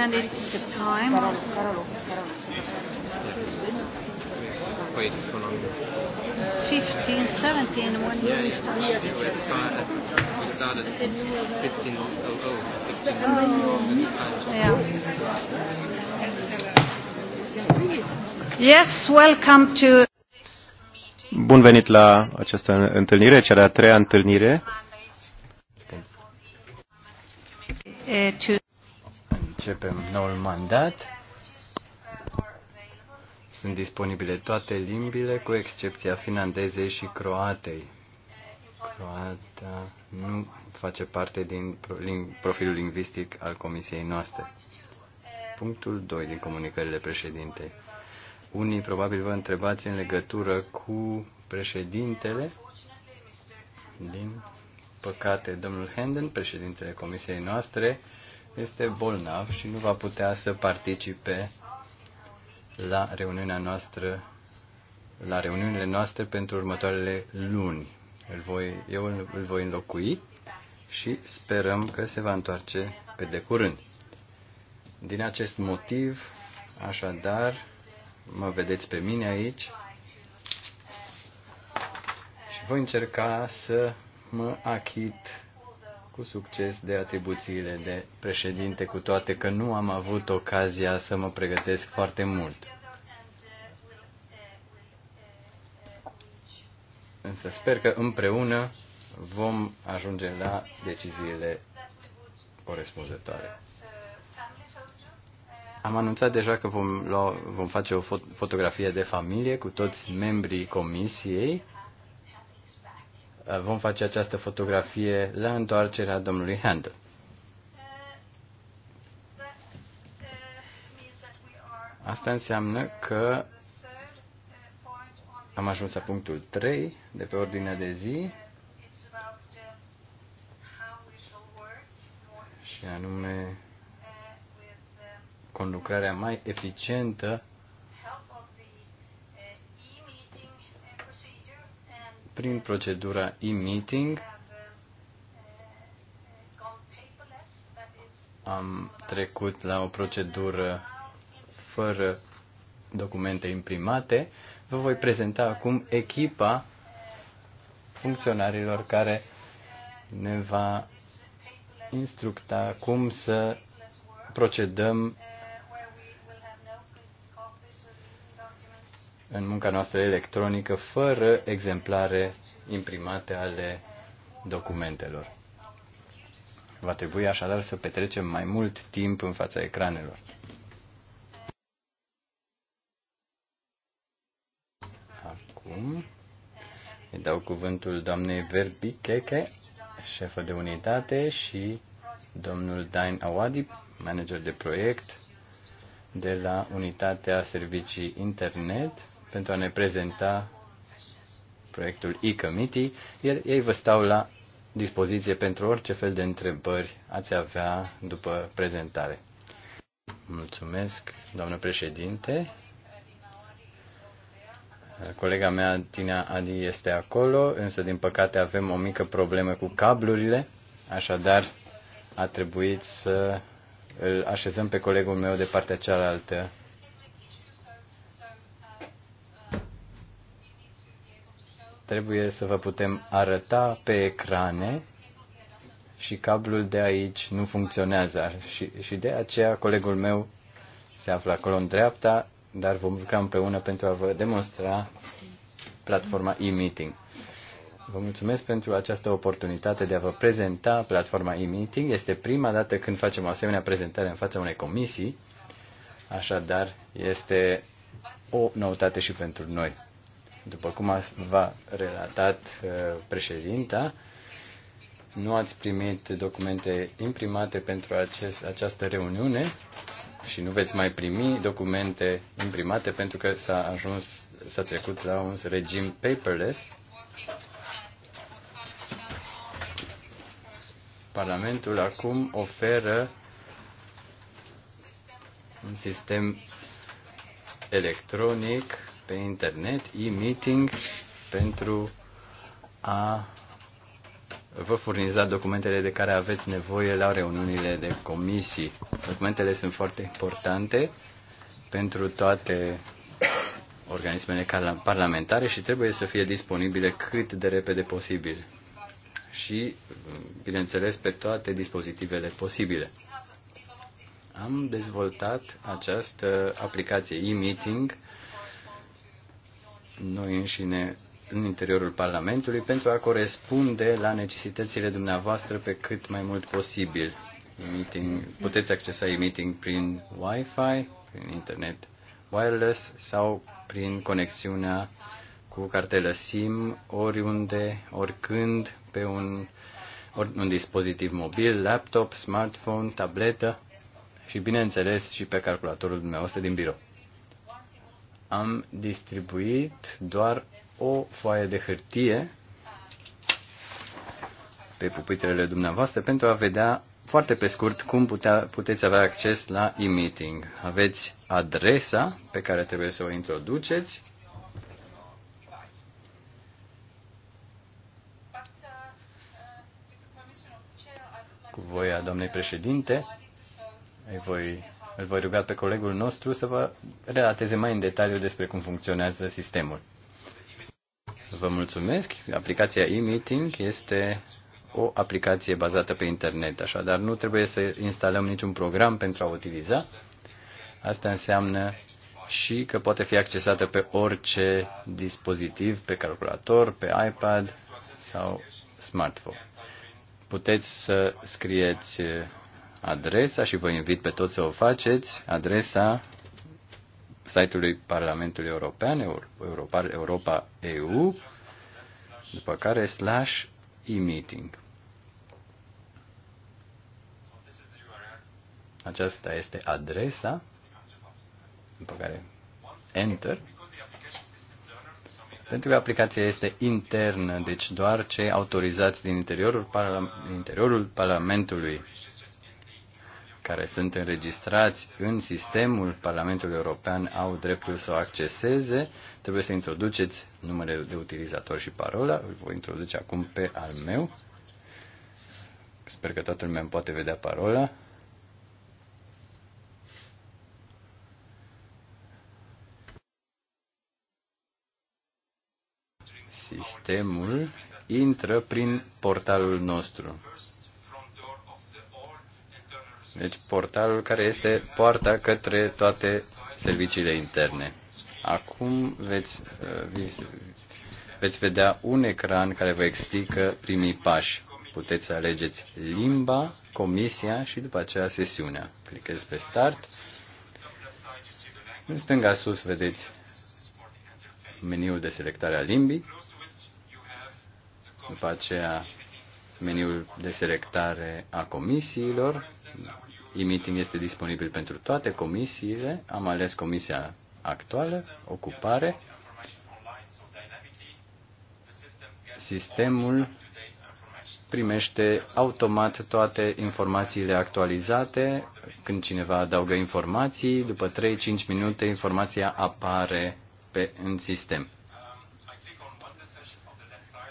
And it's time. Wait, how long? 1517, when we started. we started oh, oh, oh, oh Yes, welcome to... Bun venit la această întâlnire, cea de-a treia întâlnire. Uh, to începem noul mandat. Sunt disponibile toate limbile, cu excepția finlandezei și croatei. Croata nu face parte din profilul lingvistic al comisiei noastre. Punctul 2 din comunicările președintei. Unii probabil vă întrebați în legătură cu președintele din păcate, domnul Henden, președintele comisiei noastre, este bolnav și nu va putea să participe la reuniunea noastră, la reuniunile noastre pentru următoarele luni. Îl voi, eu îl, îl voi înlocui și sperăm că se va întoarce pe de curând. Din acest motiv, așadar, mă vedeți pe mine aici și voi încerca să mă achit cu succes de atribuțiile de președinte, cu toate că nu am avut ocazia să mă pregătesc foarte mult. Însă sper că împreună vom ajunge la deciziile corespunzătoare. Am anunțat deja că vom, lua, vom face o fot- fotografie de familie cu toți membrii comisiei vom face această fotografie la întoarcerea domnului Handel. Asta înseamnă că am ajuns la punctul 3 de pe ordinea de zi și anume conlucrarea mai eficientă prin procedura e-meeting am trecut la o procedură fără documente imprimate. Vă voi prezenta acum echipa funcționarilor care ne va instructa cum să procedăm în munca noastră electronică fără exemplare imprimate ale documentelor. Va trebui așadar să petrecem mai mult timp în fața ecranelor. Acum îi dau cuvântul doamnei Verbi Keke, șefă de unitate, și domnul Dain Awadi, manager de proiect de la Unitatea Servicii Internet pentru a ne prezenta proiectul e-committee, ei vă stau la dispoziție pentru orice fel de întrebări ați avea după prezentare. Mulțumesc, doamnă președinte. Colega mea, Tina Adi, este acolo, însă, din păcate, avem o mică problemă cu cablurile, așadar a trebuit să îl așezăm pe colegul meu de partea cealaltă trebuie să vă putem arăta pe ecrane și cablul de aici nu funcționează și, și de aceea colegul meu se află acolo în dreapta, dar vom lucra împreună pentru a vă demonstra platforma e-meeting. Vă mulțumesc pentru această oportunitate de a vă prezenta platforma e-meeting. Este prima dată când facem o asemenea prezentare în fața unei comisii, așadar este o noutate și pentru noi. După cum v-a relatat uh, președinta, nu ați primit documente imprimate pentru acest, această reuniune și nu veți mai primi documente imprimate pentru că s-a ajuns, s-a trecut la un regim paperless. Parlamentul acum oferă un sistem electronic pe internet, e-meeting, pentru a vă furniza documentele de care aveți nevoie la reuniunile de comisii. Documentele sunt foarte importante pentru toate organismele parlamentare și trebuie să fie disponibile cât de repede posibil. Și, bineînțeles, pe toate dispozitivele posibile. Am dezvoltat această aplicație e-meeting noi înșine în interiorul Parlamentului pentru a corespunde la necesitățile dumneavoastră pe cât mai mult posibil. E-meeting, puteți accesa e-meeting prin Wi-Fi, prin internet wireless sau prin conexiunea cu cartelă SIM oriunde, oricând, pe un, ori, un dispozitiv mobil, laptop, smartphone, tabletă și, bineînțeles, și pe calculatorul dumneavoastră din birou am distribuit doar o foaie de hârtie pe pupitrele dumneavoastră pentru a vedea foarte pe scurt cum putea, puteți avea acces la e-meeting. Aveți adresa pe care trebuie să o introduceți. Cu voia doamnei președinte, îi voi îl voi ruga pe colegul nostru să vă relateze mai în detaliu despre cum funcționează sistemul. Vă mulțumesc. Aplicația e-meeting este o aplicație bazată pe internet, așadar nu trebuie să instalăm niciun program pentru a o utiliza. Asta înseamnă și că poate fi accesată pe orice dispozitiv, pe calculator, pe iPad sau smartphone. Puteți să scrieți adresa și vă invit pe toți să o faceți, adresa site-ului Parlamentului European, Europa, Europa EU, după care slash e-meeting. Aceasta este adresa, după care enter. Pentru că aplicația este internă, deci doar cei autorizați din interiorul, parla- interiorul Parlamentului care sunt înregistrați în sistemul Parlamentului European au dreptul să o acceseze. Trebuie să introduceți numele de utilizator și parola. Îl voi introduce acum pe al meu. Sper că toată lumea îmi poate vedea parola. Sistemul intră prin portalul nostru. Deci portalul care este poarta către toate serviciile interne. Acum veți, uh, veți vedea un ecran care vă explică primii pași. Puteți să alegeți limba, comisia și după aceea sesiunea. Clicați pe Start. În stânga sus vedeți meniul de selectare a limbii, după aceea meniul de selectare a comisiilor, Imitim este disponibil pentru toate comisiile. Am ales comisia actuală, ocupare. Sistemul primește automat toate informațiile actualizate. Când cineva adaugă informații, după 3-5 minute informația apare pe, în sistem.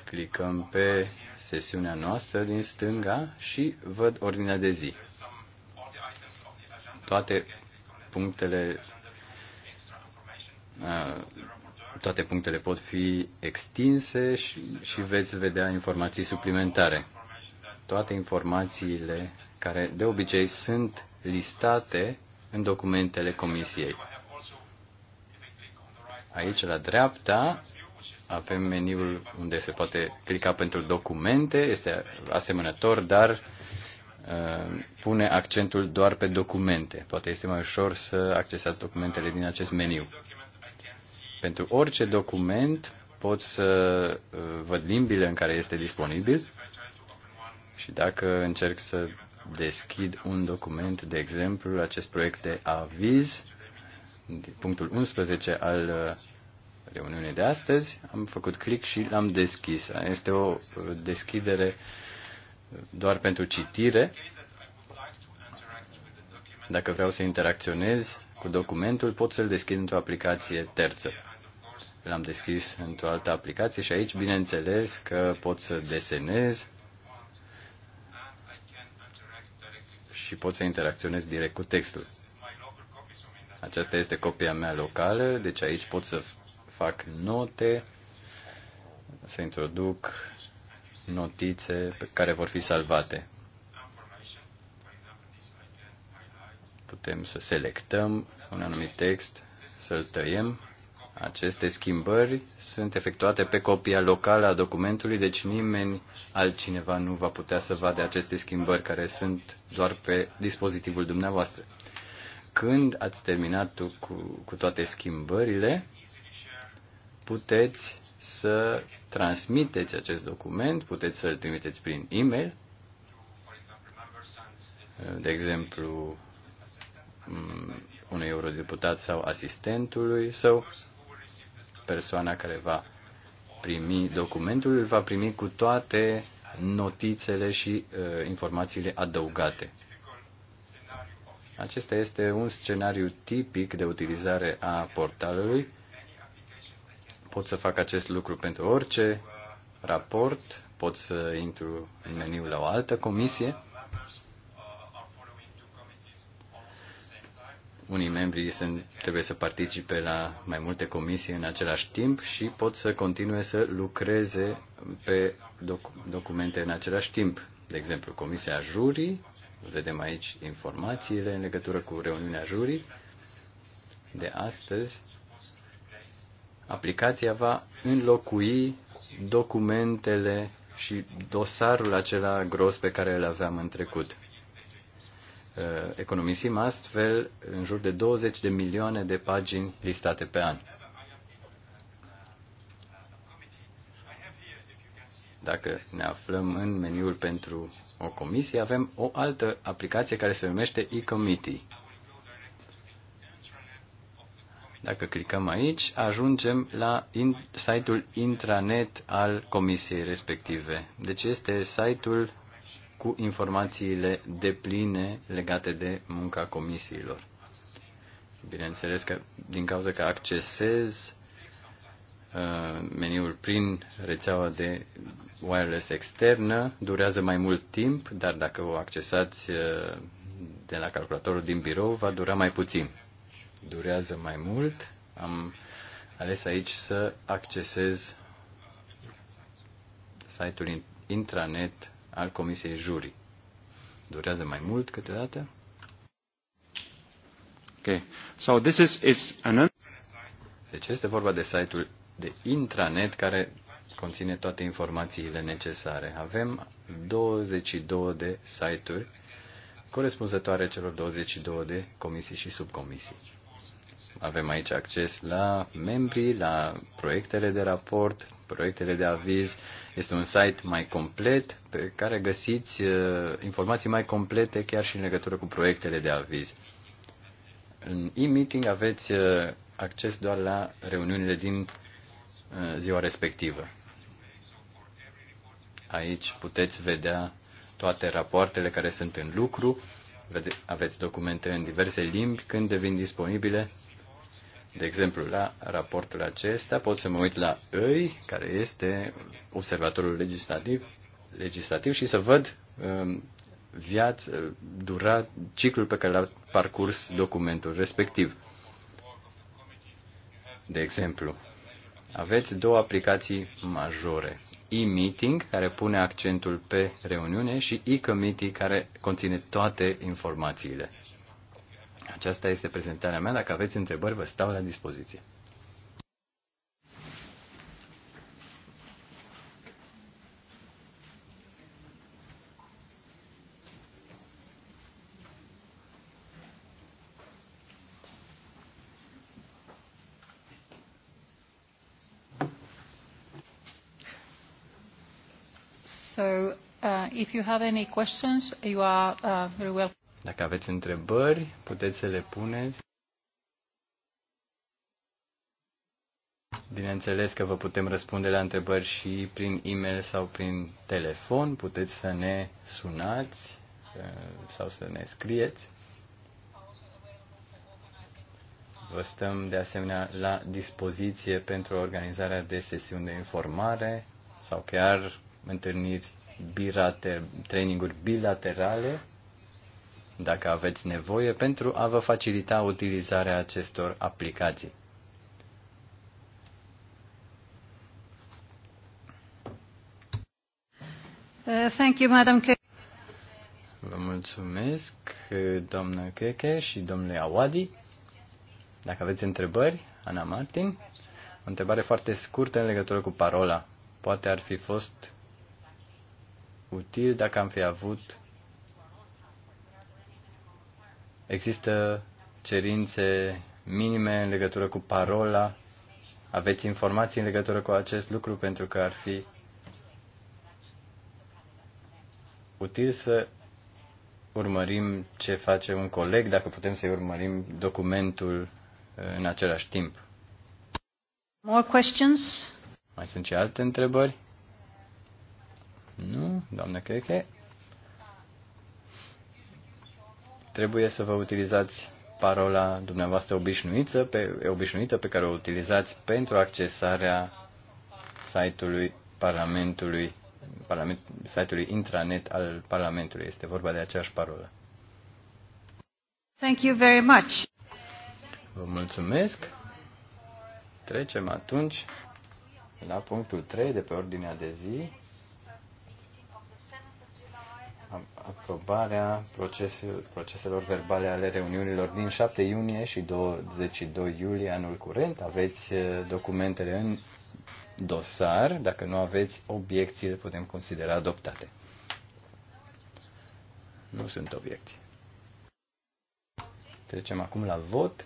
Clicăm pe sesiunea noastră din stânga și văd ordinea de zi toate punctele toate punctele pot fi extinse și, și veți vedea informații suplimentare. Toate informațiile care de obicei sunt listate în documentele comisiei. Aici, la dreapta, avem meniul unde se poate clica pentru documente, este asemănător, dar Uh, pune accentul doar pe documente. Poate este mai ușor să accesați documentele din acest meniu. Pentru orice document pot să uh, văd limbile în care este disponibil și dacă încerc să deschid un document, de exemplu, acest proiect de aviz, punctul 11 al uh, reuniunii de astăzi, am făcut click și l-am deschis. Este o deschidere uh, doar pentru citire. Dacă vreau să interacționez cu documentul, pot să-l deschid într-o aplicație terță. L-am deschis într-o altă aplicație și aici, bineînțeles, că pot să desenez și pot să interacționez direct cu textul. Aceasta este copia mea locală, deci aici pot să fac note, să introduc notițe care vor fi salvate. Putem să selectăm un anumit text, să-l tăiem. Aceste schimbări sunt efectuate pe copia locală a documentului, deci nimeni altcineva nu va putea să vadă aceste schimbări care sunt doar pe dispozitivul dumneavoastră. Când ați terminat cu, cu toate schimbările, puteți să transmiteți acest document, puteți să-l trimiteți prin e-mail, de exemplu, mm, unui eurodeputat sau asistentului sau persoana care va primi documentul, îl va primi cu toate notițele și uh, informațiile adăugate. Acesta este un scenariu tipic de utilizare a portalului Pot să fac acest lucru pentru orice raport, pot să intru în meniu la o altă comisie. Unii membri sunt, trebuie să participe la mai multe comisii în același timp și pot să continue să lucreze pe doc- documente în același timp. De exemplu, Comisia Jurii, vedem aici informațiile în legătură cu reuniunea jurii de astăzi aplicația va înlocui documentele și dosarul acela gros pe care îl aveam în trecut. Uh, economisim astfel în jur de 20 de milioane de pagini listate pe an. Dacă ne aflăm în meniul pentru o comisie, avem o altă aplicație care se numește e-committee Dacă clicăm aici, ajungem la in, site-ul intranet al comisiei respective. Deci este site-ul cu informațiile depline legate de munca comisiilor. Bineînțeles că din cauza că accesez uh, meniul prin rețeaua de wireless externă, durează mai mult timp, dar dacă o accesați uh, de la calculatorul din birou, va dura mai puțin durează mai mult. Am ales aici să accesez site-ul intranet al Comisiei Jurii. Durează mai mult câteodată. ok So this is, is an... Deci este vorba de site-ul de intranet care conține toate informațiile necesare. Avem 22 de site-uri corespunzătoare celor 22 de comisii și subcomisii. Avem aici acces la membrii, la proiectele de raport, proiectele de aviz. Este un site mai complet pe care găsiți uh, informații mai complete chiar și în legătură cu proiectele de aviz. În e-meeting aveți uh, acces doar la reuniunile din uh, ziua respectivă. Aici puteți vedea toate rapoartele care sunt în lucru, aveți documente în diverse limbi când devin disponibile de exemplu, la raportul acesta pot să mă uit la EI, care este observatorul legislativ, legislativ și să văd um, viață, uh, dura, ciclul pe care l-a parcurs documentul respectiv. De exemplu, aveți două aplicații majore. E-meeting, care pune accentul pe reuniune, și e-committee, care conține toate informațiile. Aceasta este prezentarea mea. Dacă aveți întrebări, vă stau la dispoziție. So, uh, if you have any questions you are uh, very welcome. Dacă aveți întrebări, puteți să le puneți. Bineînțeles că vă putem răspunde la întrebări și prin e-mail sau prin telefon. Puteți să ne sunați uh, sau să ne scrieți. Vă stăm de asemenea la dispoziție pentru organizarea de sesiuni de informare sau chiar întâlniri bilater- traininguri bilaterale dacă aveți nevoie, pentru a vă facilita utilizarea acestor aplicații. Uh, thank you, Madam Vă mulțumesc, doamnă Keke și domnule Awadi. Dacă aveți întrebări, Ana Martin, o întrebare foarte scurtă în legătură cu parola. Poate ar fi fost util dacă am fi avut Există cerințe minime în legătură cu parola. Aveți informații în legătură cu acest lucru pentru că ar fi util să urmărim ce face un coleg, dacă putem să-i urmărim documentul uh, în același timp. More questions? Mai sunt și alte întrebări? Nu? doamnă Cheche, trebuie să vă utilizați parola dumneavoastră obișnuită pe, obișnuită pe care o utilizați pentru accesarea site-ului Parlamentului, parlament, site-ului intranet al Parlamentului. Este vorba de aceeași parolă. Thank you very much. Vă mulțumesc. Trecem atunci la punctul 3 de pe ordinea de zi. aprobarea proceselor verbale ale reuniunilor din 7 iunie și 22 iulie anul curent. Aveți uh, documentele în dosar. Dacă nu aveți obiecții, le putem considera adoptate. Nu sunt obiecții. Trecem acum la vot.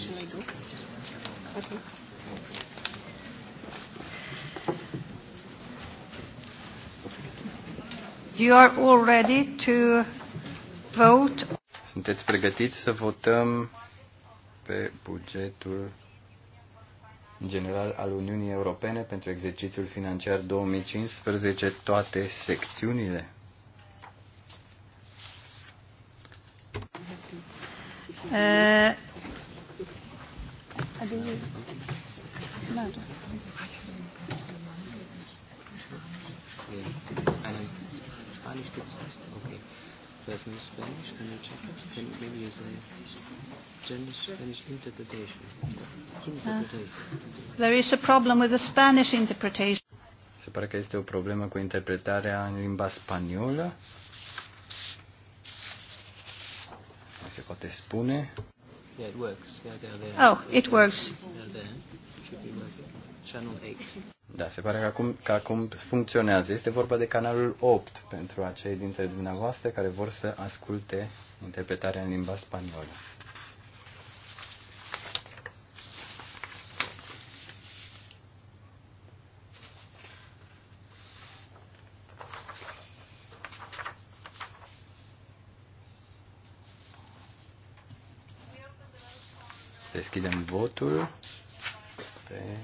și I duc. You are all ready to vote. Sunteți pregătiți să votăm pe bugetul general al Uniunii Europene pentru exercițiul financiar 2015, toate secțiunile. Uh, Can you check it? Can you maybe Spanish interpretation? interpretation. Uh, there is a problem with the Spanish interpretation. Se pare că este o problemă cu interpretarea în limba spaniolă. Se poate spune. Yeah, it works. Yeah, they're there. Oh, it works. Da, se pare că acum, că acum funcționează. Este vorba de canalul 8 pentru acei dintre dumneavoastră care vor să asculte interpretarea în limba spaniolă. Deschidem votul pe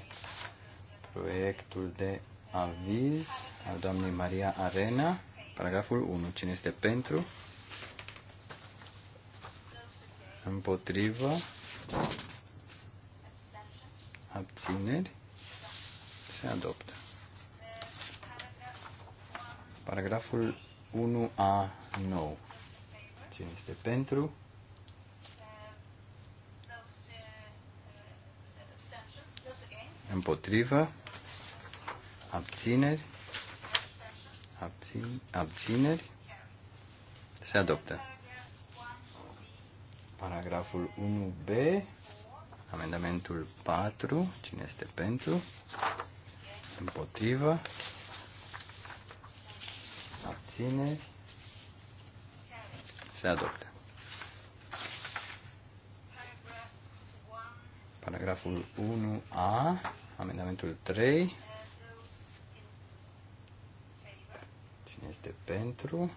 proiectul de aviz al doamnei Maria Arena, paragraful 1. Cine este pentru? Împotrivă? Abțineri? Se adoptă. Paragraful 1A9. Cine este pentru? Împotrivă. Abțineri. Abțin, abțineri. Se adoptă. Paragraful 1b. Amendamentul 4. Cine este pentru? Împotrivă. Abțineri. Se adoptă. Paragraful 1a Amendamentul 3. Cine este pentru?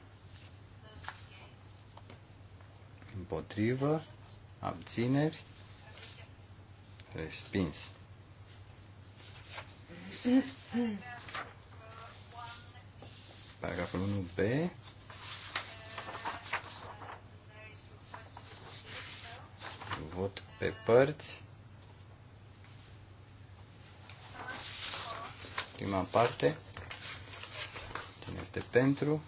Împotrivă. Abțineri. Respins. Paragraful 1b. Vot pe părți. prima parte. Cine este pentru?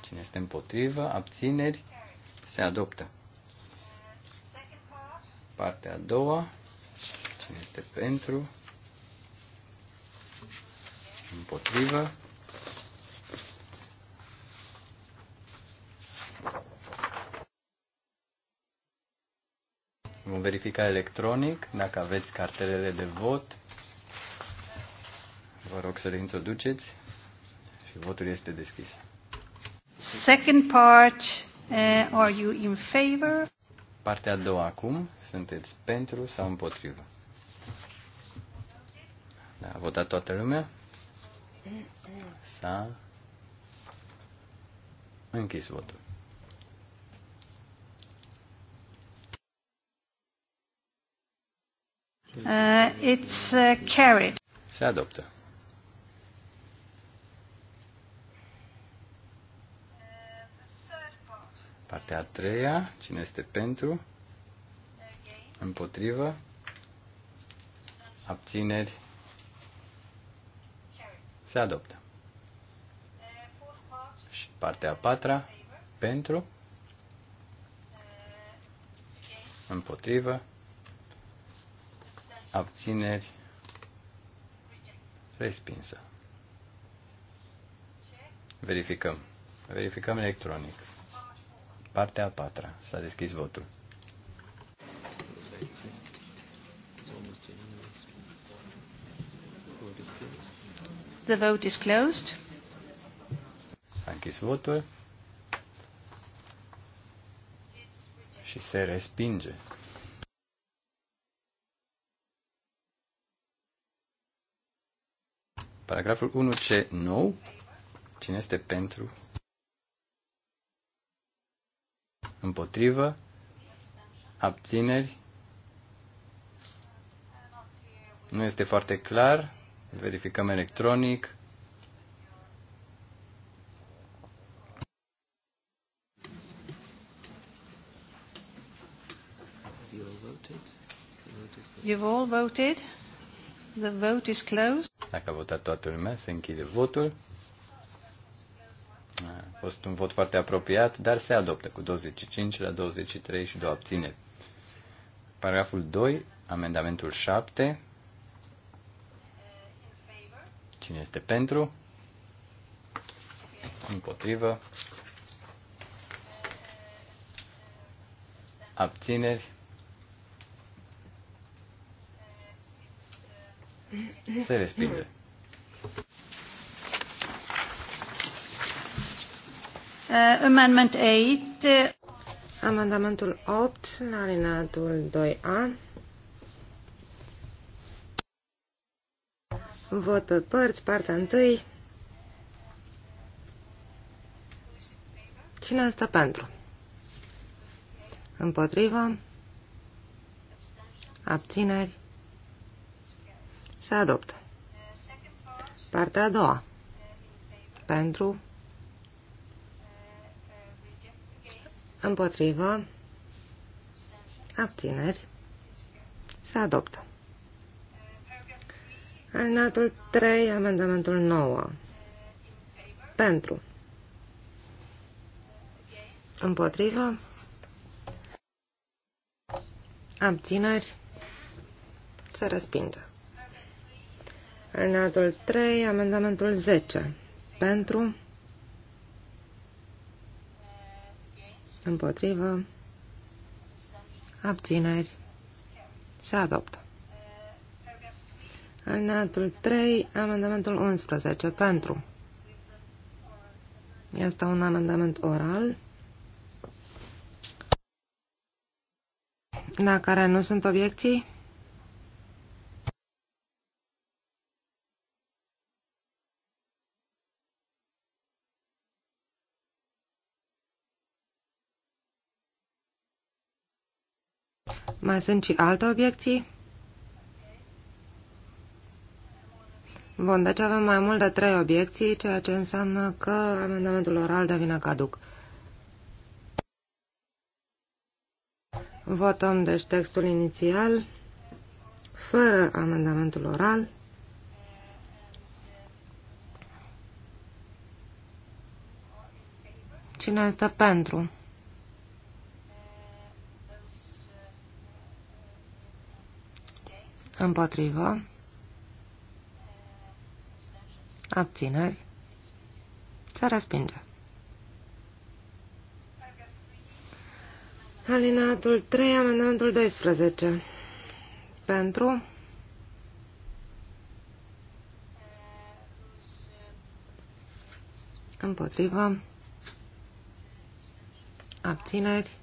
Cine este împotrivă? Abțineri? Se adoptă. Partea a doua. Cine este pentru? Împotrivă? verifica electronic dacă aveți cartelele de vot. Vă rog să le introduceți și votul este deschis. Second part, uh, are you in favor? Partea a doua acum, sunteți pentru sau împotrivă? Da, a votat toată lumea? S-a închis votul. Uh, it's uh, carried. Se adoptă. Partea a treia, cine este pentru? Împotrivă? Abțineri? Se adoptă. Și partea a patra, pentru? Împotrivă? abțineri, respinsă. Verificăm. Verificăm electronic. Partea a patra. S-a deschis votul. The vote is closed. S-a închis votul. Și se respinge. Paragraful 1C 9 Cine este pentru? Împotrivă? Abțineri? Nu este foarte clar. Verificăm electronic. You've all voted. The vote is closed. Dacă a votat toată lumea, se închide votul. A fost un vot foarte apropiat, dar se adoptă cu 25 la 23 și două abțineri. Paragraful 2, amendamentul 7. Cine este pentru? Împotrivă. Abțineri. Se respinge. Uh, amendment 8. Uh, Amendamentul 8, la alineatul 2A. Vot pe părți, partea 1. Cine stă pentru? Împotrivă? Abțineri? Se adoptă. Partea a doua. Pentru. Împotrivă. Abțineri. Se adoptă. Alinatul 3, amendamentul 9. Pentru. Împotrivă. Abțineri. Se respinge. Alineatul 3, amendamentul 10. Pentru. Împotrivă. Abțineri. Se adoptă. Alineatul 3, amendamentul 11. Pentru. Este un amendament oral. La care nu sunt obiecții? Mai sunt și alte obiecții? Bun, deci avem mai mult de trei obiecții, ceea ce înseamnă că amendamentul oral devine caduc. Votăm deci textul inițial, fără amendamentul oral. Cine este pentru? Împotrivă. Abțineri. Se respinge. Alinatul 3, amendamentul 12. Pentru. Împotrivă. Abțineri.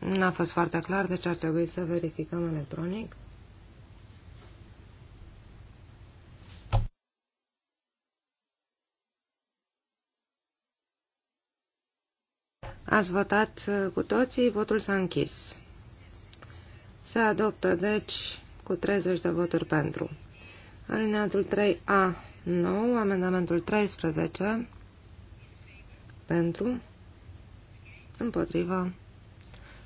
N-a fost foarte clar, deci ar trebui să verificăm electronic. Ați votat uh, cu toții, votul s-a închis. Se adoptă, deci, cu 30 de voturi pentru. Alineatul 3A, 9, amendamentul 13, pentru, împotriva,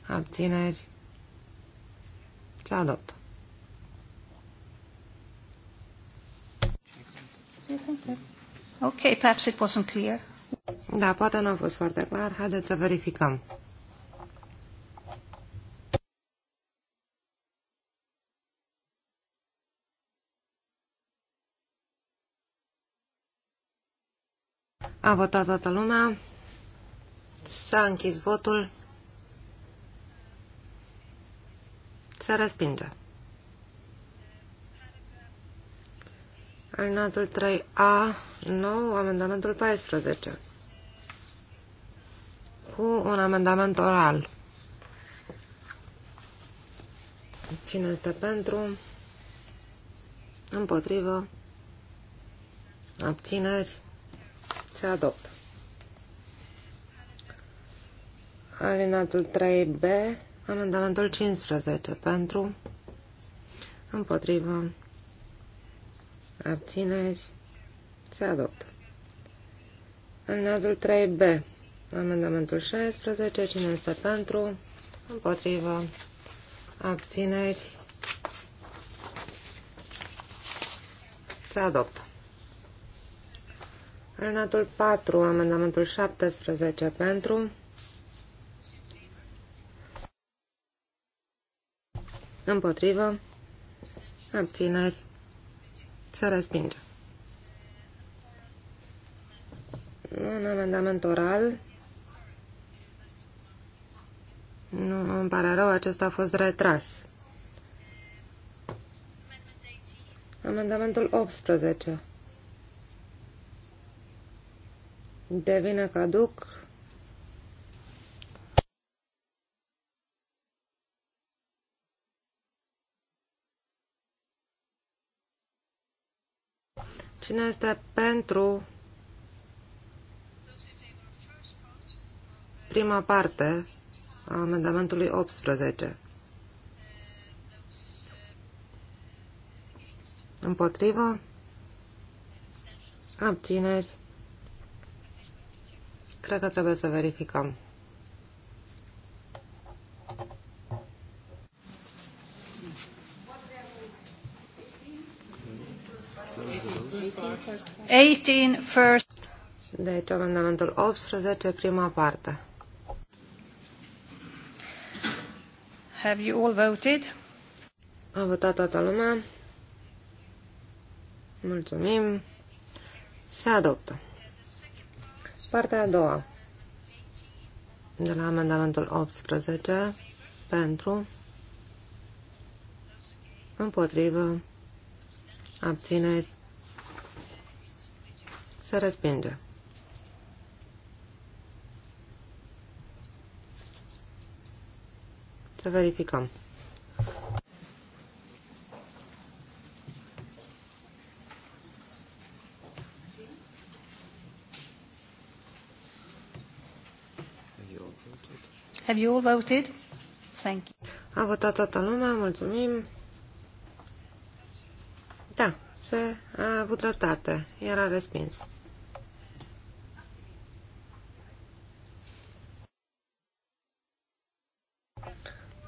abțineri, se adoptă. Ok, perhaps it wasn't clear. Da, poate nu a fost foarte clar. Haideți să verificăm. A votat toată lumea. S-a închis votul. Se respinge. Alinatul 3A, nou, amendamentul 14. Cu un amendament oral. Cine este pentru? Împotrivă? Abțineri? Se adoptă. Alinatul 3B, Amendamentul 15 pentru, împotrivă, abțineri, se adoptă. Amendamentul 3B, amendamentul 16, cine este pentru, împotrivă, abțineri, se adoptă. Amendamentul 4, amendamentul 17 pentru, Împotrivă. Abțineri. Se respinge. Un amendament oral. Nu, îmi pare rău, acesta a fost retras. Amendamentul 18. Devine caduc Cine este pentru prima parte a amendamentului 18? Împotrivă? Abțineri? Cred că trebuie să verificăm. 18, first... Deci amendamentul 18, prima parte. Have you all voted? A votat toată lumea. Mulțumim. Se adoptă. Partea a doua. De la amendamentul 18 pentru împotrivă abțineri se respinge. Să verificăm. Have you all voted? Thank you. A votat toată lumea, mulțumim. Da, se a avut dreptate. Era respins.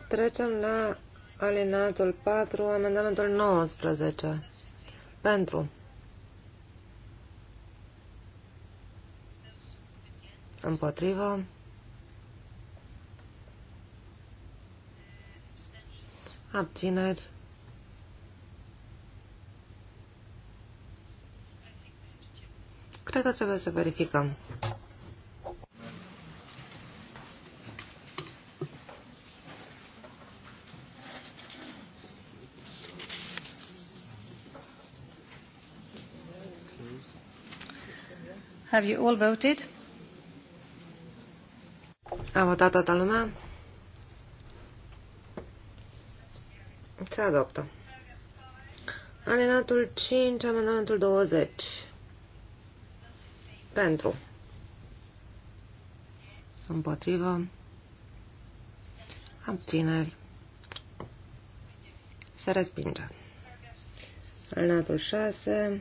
Trecem la alinatul 4, amendamentul 19. Pentru. Împotrivă. Abțineri. Cred că trebuie să verificăm. Have you all voted? A votat toată lumea? Se adoptă. Alinatul 5, amendamentul 20. Pentru. Împotrivă. Abțineri. Se respinge. Alinatul 6,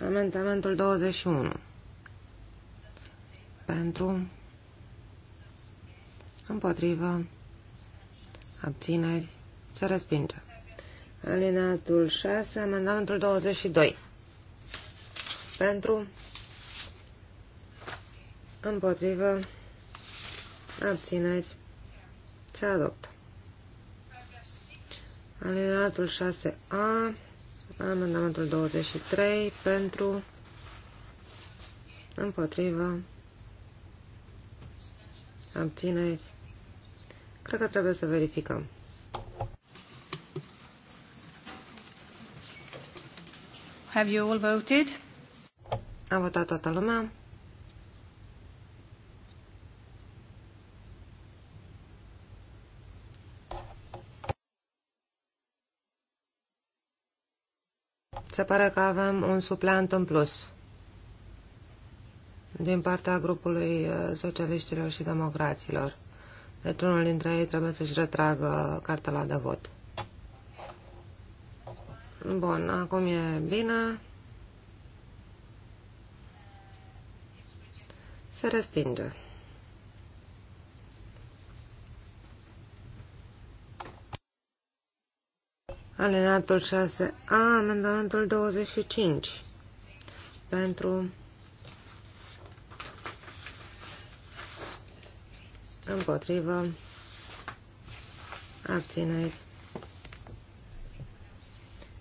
amendamentul 21 pentru, împotrivă, abțineri, se respinge. Alineatul 6, amendamentul 22. Pentru, împotrivă, abțineri, se adoptă. Alineatul 6A, amendamentul 23, pentru, împotrivă, am abțineri, cred că trebuie să verificăm. Have you all voted? A votat toată lumea. Se pare că avem un suplant în plus din partea grupului uh, socialiștilor și democraților. Deci unul dintre ei trebuie să-și retragă cartela de vot. Bun, acum e bine. Se respinge. Alenatul 6A, amendamentul 25. Pentru împotrivă, abțineri.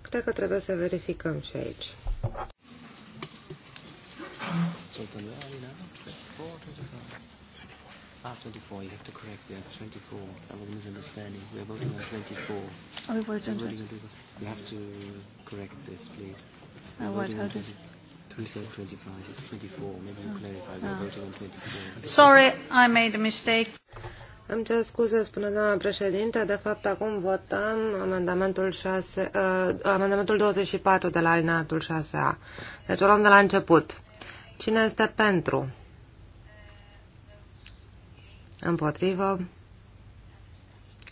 Cred că trebuie să verificăm și aici. Ah, 24. You have to correct there. 24. I was misunderstanding. We're voting on 24. we on You have to correct this, please. Uh, what? How does... Ah. Sorry, I made a mistake. Îmi cer scuze, spune doamna președinte. De fapt, acum votăm amendamentul, 6, uh, amendamentul 24 de la alineatul 6A. Deci o luăm de la început. Cine este pentru? Împotrivă?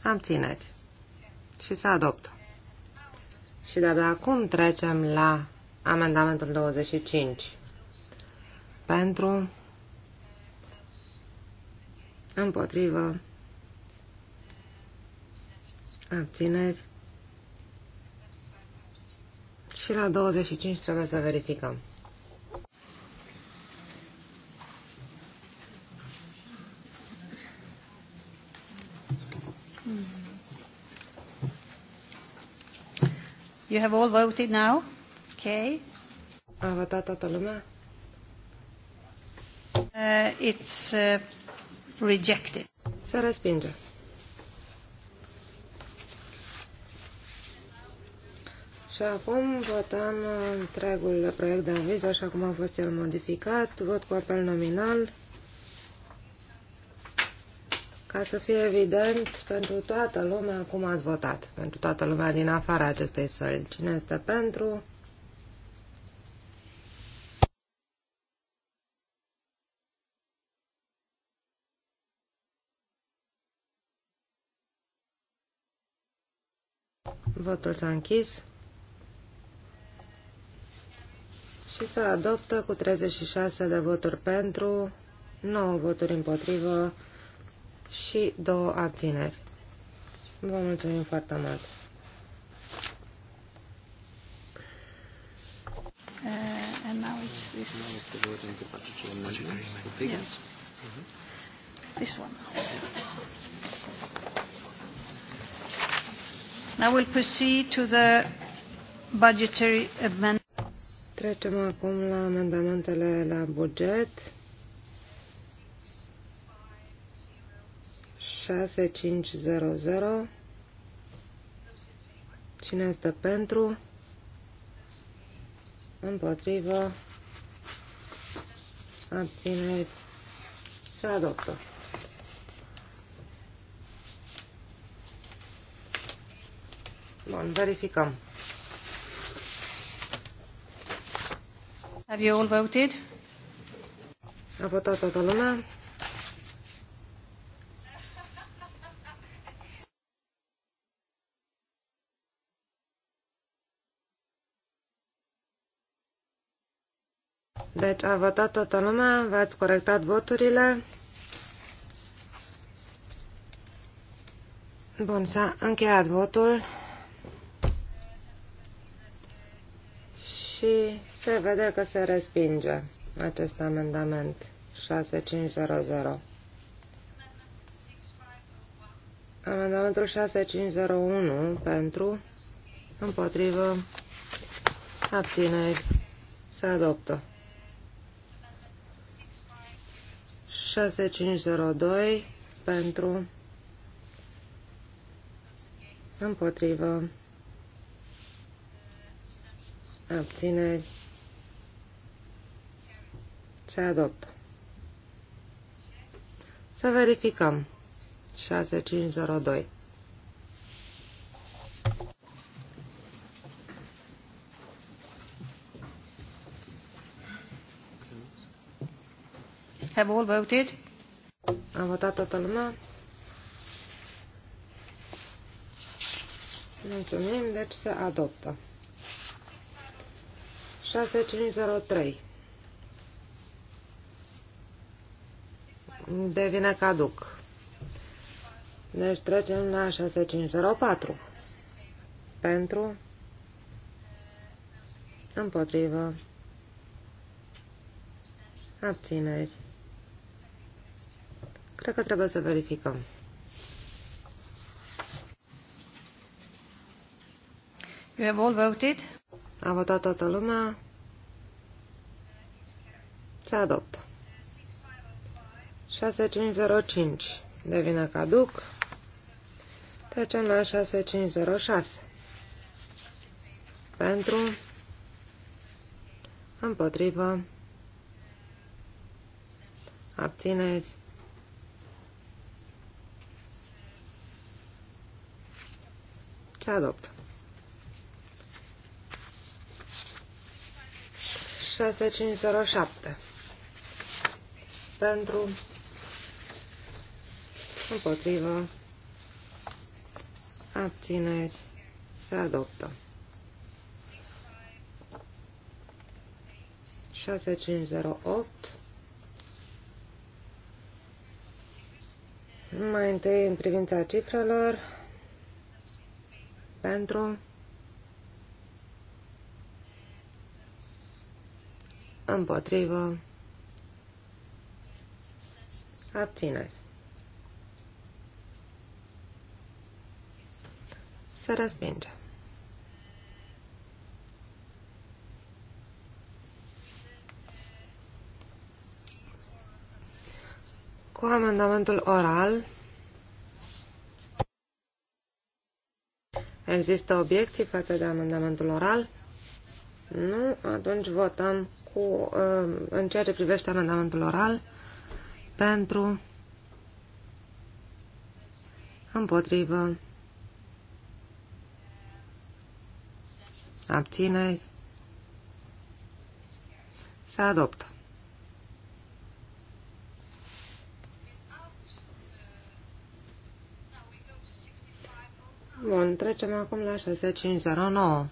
Abțineri. Și se adoptă. Și de-abia acum trecem la Amendamentul 25. Pentru. Împotrivă. Abțineri. Și la 25 trebuie să verificăm. You have all voted now? Okay. A votat toată lumea? Uh, it's uh, rejected. Se respinge. Și acum votăm întregul proiect de aviz, așa cum a fost el modificat. Vot cu apel nominal. Ca să fie evident pentru toată lumea cum ați votat, pentru toată lumea din afara acestei săli. Cine este pentru? Votul s-a închis. Și se adoptă cu 36 de voturi pentru, 9 voturi împotrivă și 2 abțineri. Vă mulțumim foarte mult! Uh, and now it's this. Now it's the voting Yes. Mm -hmm. This one. Now we'll proceed to the budgetary Trecem acum la amendamentele la buget. 6500. Cine este pentru? Împotrivă. Abțineri. Se adoptă. Bun, verificăm. Have you all voted? A votat toată lumea. Deci a votat toată lumea, v-ați corectat voturile. Bun, s-a încheiat votul. și se vede că se respinge acest amendament 6500. Amendamentul 6501 pentru, împotrivă, abțineri, se adoptă. 6502 pentru, împotrivă, abține se adoptă. Să verificăm. 6502. Have all voted? A votat toată lumea. Mulțumim, deci se adoptă. 6503 devine caduc. Deci trecem la 6504 pentru împotrivă abțineri. Cred că trebuie să verificăm. You have all voted? A votat toată lumea. Se adoptă. 6505 devine caduc. Trecem la 6506. Pentru, împotrivă, abțineri, se adoptă. 6507 pentru, împotrivă, abțineri, se adoptă. 6508 Mai întâi în privința cifrelor pentru împotrivă Abțineri. Să răspinge. Cu amendamentul oral Există obiecții față de amendamentul oral? Nu? Atunci votăm cu, uh, în ceea ce privește amendamentul oral pentru, împotrivă, abțineri, se adoptă. Bun, trecem acum la 6509.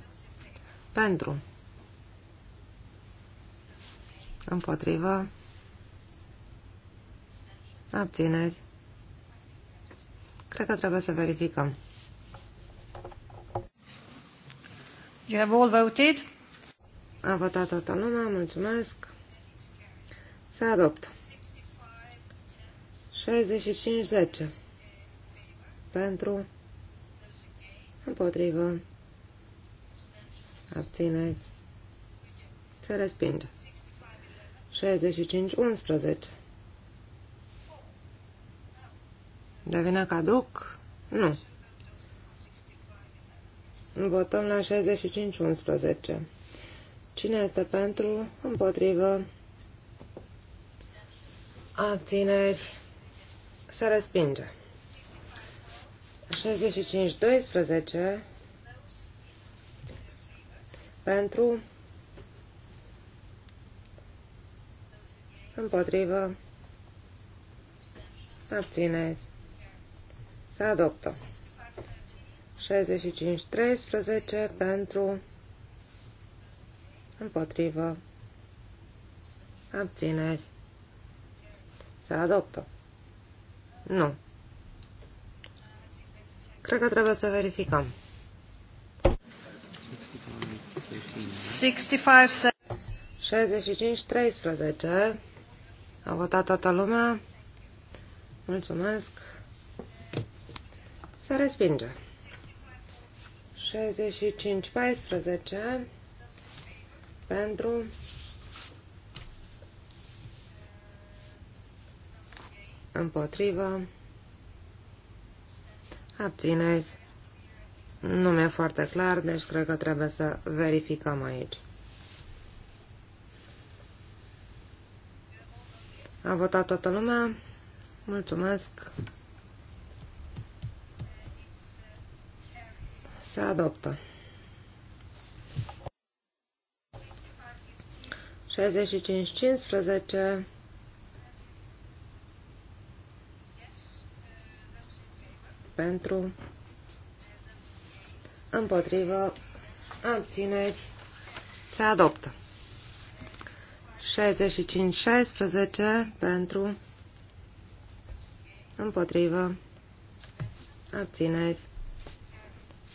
Pentru. Împotrivă. Abțineri. Cred că trebuie să verificăm. You have all voted? A votat toată lumea, mulțumesc. Se adoptă. 65-10. Pentru. Împotrivă. Abțineri. Se respinge. 65-11. Devine caduc? Nu. Votăm la 65-11. Cine este pentru? Împotrivă. Abțineri. Se respinge. 65-12. Pentru. Împotrivă. Abțineri. Se adoptă. 65-13 pentru împotrivă abțineri. Se adoptă. Nu. Cred că trebuie să verificăm. 65-13. A votat toată lumea. Mulțumesc. Se respinge. 65, 14 pentru împotrivă abțineri nu mi-e foarte clar, deci cred că trebuie să verificăm aici. A votat toată lumea. Mulțumesc. Se adoptă. 65, 15. Pentru. Împotrivă. Abțineri. Se adoptă. 65, 16. Pentru. Împotrivă. Abțineri.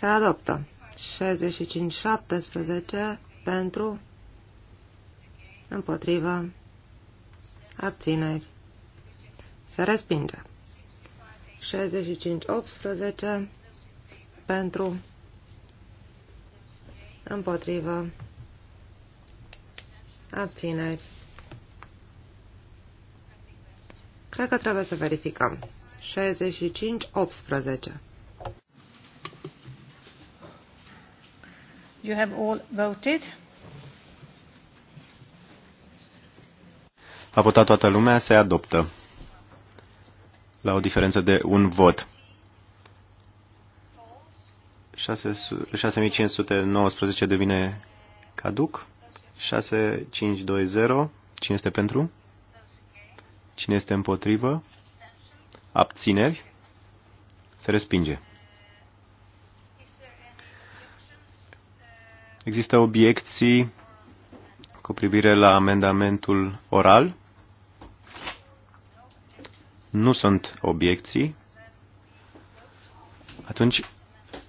Se adoptă. 65-17 pentru, împotrivă, abțineri. Se respinge. 65-18 pentru, împotrivă, abțineri. Cred că trebuie să verificăm. 65-18. You have all voted. A votat toată lumea, se adoptă. La o diferență de un vot. 6519 devine caduc. 6520. Cine este pentru? Cine este împotrivă? Abțineri? Se respinge. Există obiecții cu privire la amendamentul oral? Nu sunt obiecții. Atunci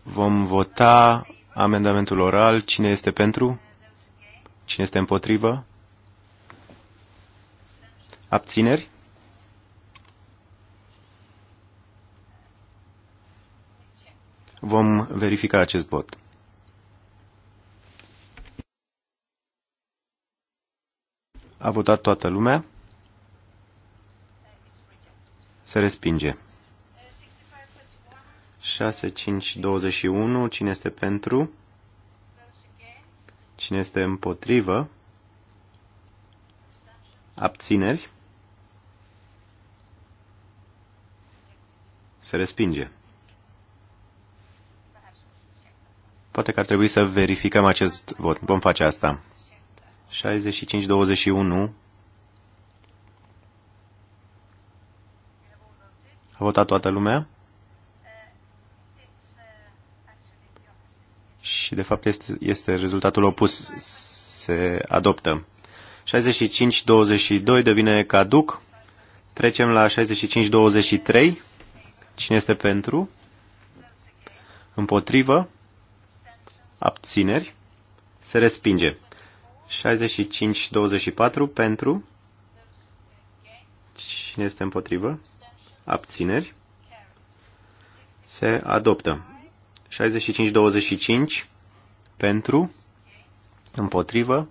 vom vota amendamentul oral. Cine este pentru? Cine este împotrivă? Abțineri? Vom verifica acest vot. A votat toată lumea. Se respinge. 6, 5, 21. Cine este pentru? Cine este împotrivă? Abțineri? Se respinge. Poate că ar trebui să verificăm acest vot. Vom face asta. 65-21. A votat toată lumea? Și de fapt este, este rezultatul opus. Se adoptă. 65-22 devine caduc. Trecem la 65-23. Cine este pentru? Împotrivă? Abțineri? Se respinge. 65-24 pentru. Cine este împotrivă? Abțineri. Se adoptă. 65-25 pentru. Împotrivă.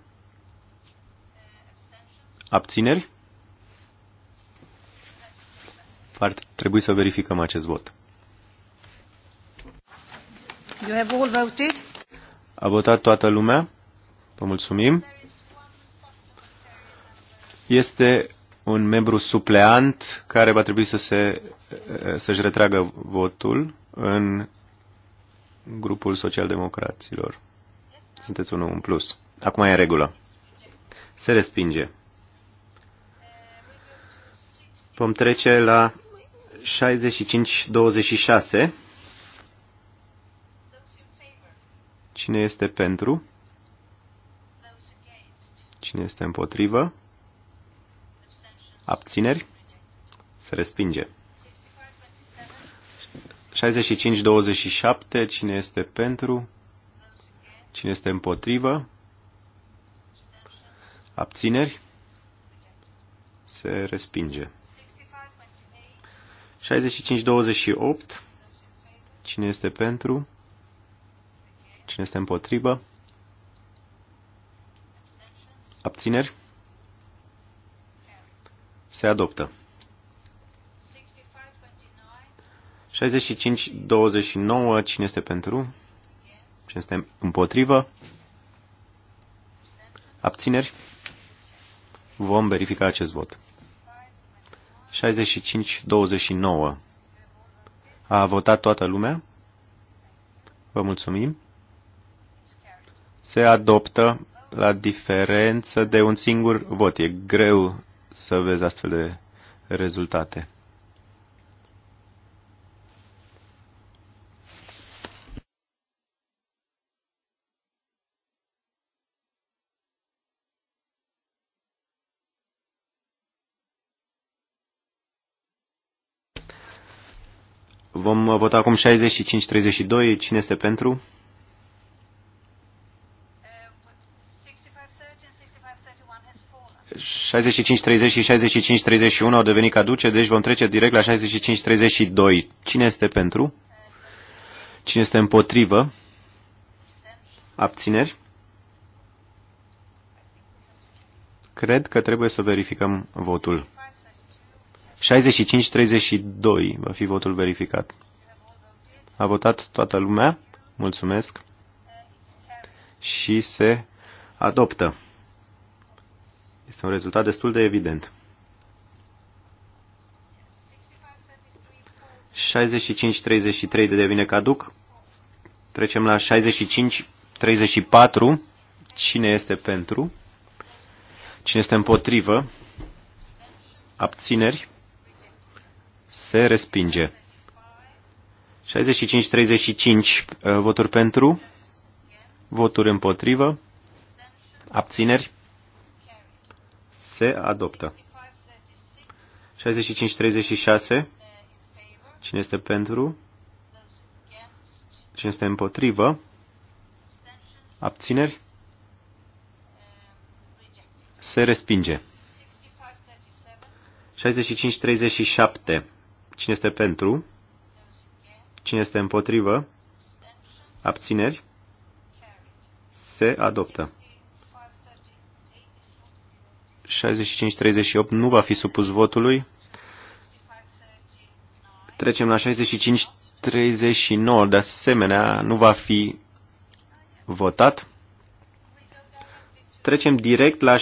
Abțineri. Ar trebui să verificăm acest vot. You have all voted? A votat toată lumea? Vă mulțumim. Este un membru supleant care va trebui să se, să-și retragă votul în grupul socialdemocraților. Sunteți unul în plus. Acum e în regulă. Se respinge. Vom trece la 65-26. Cine este pentru? Cine este împotrivă? Abțineri? Se respinge. 65-27. Cine este pentru? Cine este împotrivă? Abțineri? Se respinge. 65-28. Cine este pentru? Cine este împotrivă? Abțineri? Se adoptă. 65, 29, cine este pentru? Cine este împotrivă? Abțineri? Vom verifica acest vot. 65, 29. A votat toată lumea? Vă mulțumim. Se adoptă la diferență de un singur vot. E greu să vezi astfel de rezultate. Vom vota acum 65-32. Cine este pentru? 65-30 și 65-31 au devenit caduce, deci vom trece direct la 65-32. Cine este pentru? Cine este împotrivă? Abțineri? Cred că trebuie să verificăm votul. 65-32 va fi votul verificat. A votat toată lumea? Mulțumesc. Și se adoptă. Este un rezultat destul de evident. 65-33 de devine caduc. Trecem la 65-34. Cine este pentru? Cine este împotrivă? Abțineri? Se respinge. 65-35 uh, voturi pentru, voturi împotrivă, abțineri se adoptă. 65-36. Cine este pentru? Cine este împotrivă? Abțineri? Se respinge. 65-37. Cine este pentru? Cine este împotrivă? Abțineri? Se adoptă. 65-38 nu va fi supus votului. Trecem la 65-39, de asemenea, nu va fi votat. Trecem direct la 65-41.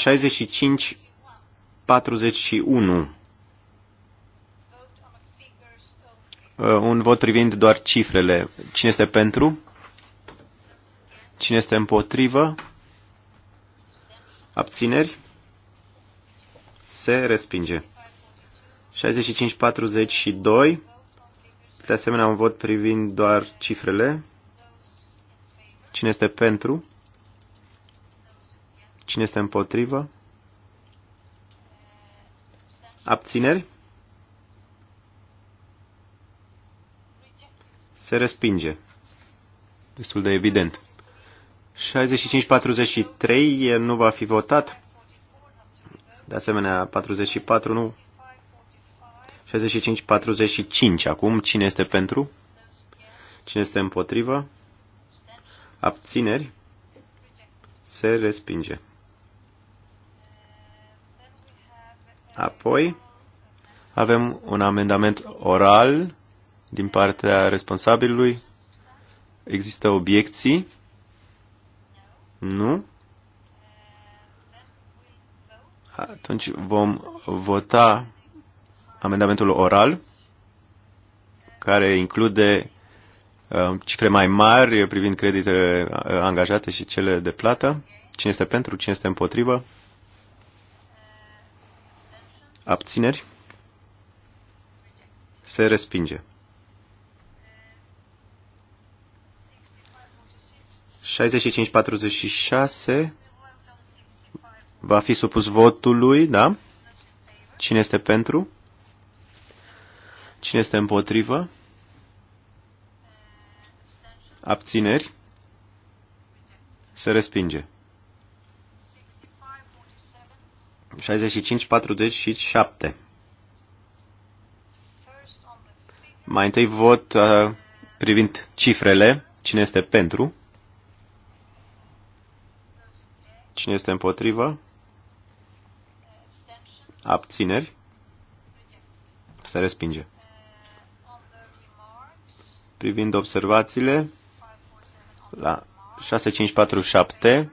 Uh, un vot privind doar cifrele. Cine este pentru? Cine este împotrivă? Abțineri? se respinge. 65-42, de asemenea un vot privind doar cifrele. Cine este pentru? Cine este împotrivă? Abțineri? Se respinge. Destul de evident. 65-43 nu va fi votat. De asemenea, 44, nu? 65, 45 acum. Cine este pentru? Cine este împotrivă? Abțineri? Se respinge. Apoi avem un amendament oral din partea responsabilului. Există obiecții? Nu? Atunci vom vota amendamentul oral, care include uh, cifre mai mari privind creditele uh, angajate și cele de plată. Cine este pentru, cine este împotrivă? Abțineri? Se respinge. 6546 va fi supus votului, da? Cine este pentru? Cine este împotrivă? Abțineri? Se respinge. 65, 47. Mai întâi vot uh, privind cifrele. Cine este pentru? Cine este împotrivă? Abțineri? Se respinge. Privind observațiile, la 6547,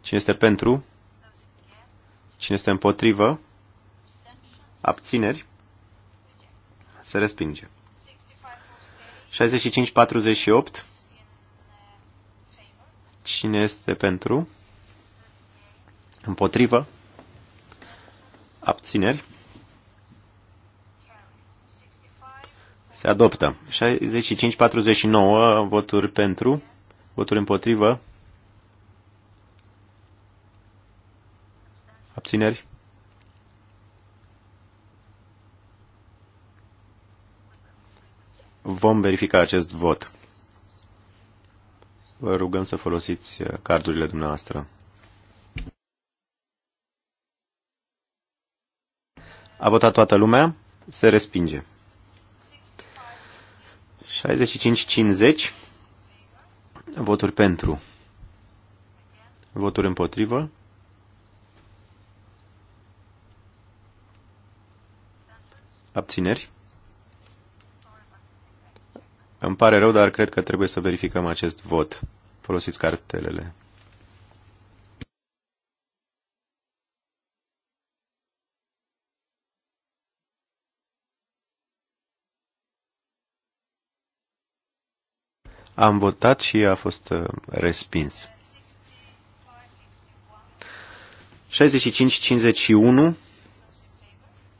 cine este pentru? Cine este împotrivă? Abțineri? Se respinge. 6548, cine este pentru? Împotrivă? Abțineri. Se adoptă. 65-49 voturi pentru, voturi împotrivă. Abțineri. Vom verifica acest vot. Vă rugăm să folosiți uh, cardurile dumneavoastră. A votat toată lumea. Se respinge. 65-50. Voturi pentru. Voturi împotrivă. Abțineri. Îmi pare rău, dar cred că trebuie să verificăm acest vot. Folosiți cartelele. Am votat și a fost uh, respins. 65-51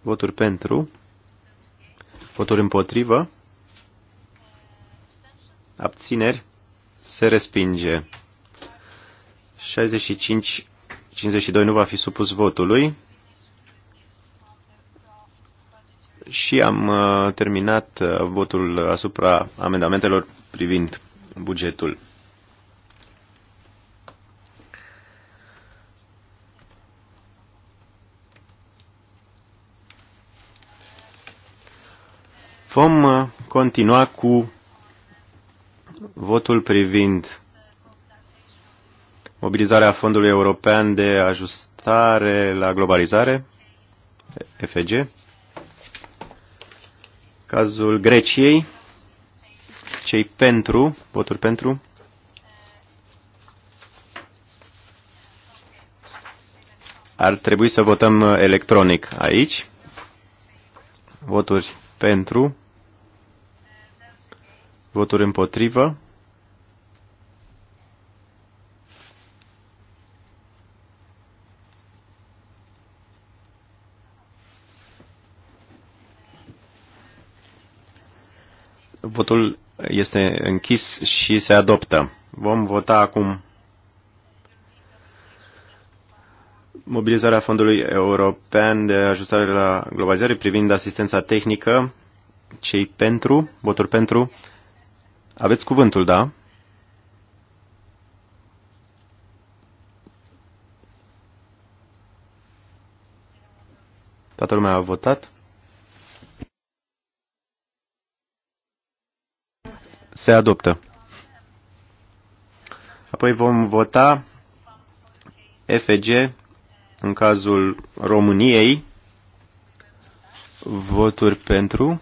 voturi pentru, voturi împotrivă, abțineri, se respinge. 65-52 nu va fi supus votului. Și am uh, terminat uh, votul asupra amendamentelor privind bugetul. Vom uh, continua cu votul privind mobilizarea Fondului European de Ajustare la Globalizare, FG, cazul Greciei. Cei pentru, voturi pentru. Ar trebui să votăm electronic aici. Voturi pentru. Voturi împotrivă. Votul este închis și se adoptă. Vom vota acum mobilizarea Fondului European de Ajustare la Globalizare privind asistența tehnică. Cei pentru, voturi pentru. Aveți cuvântul, da? Toată lumea a votat. se adoptă. Apoi vom vota FG în cazul României. Voturi pentru.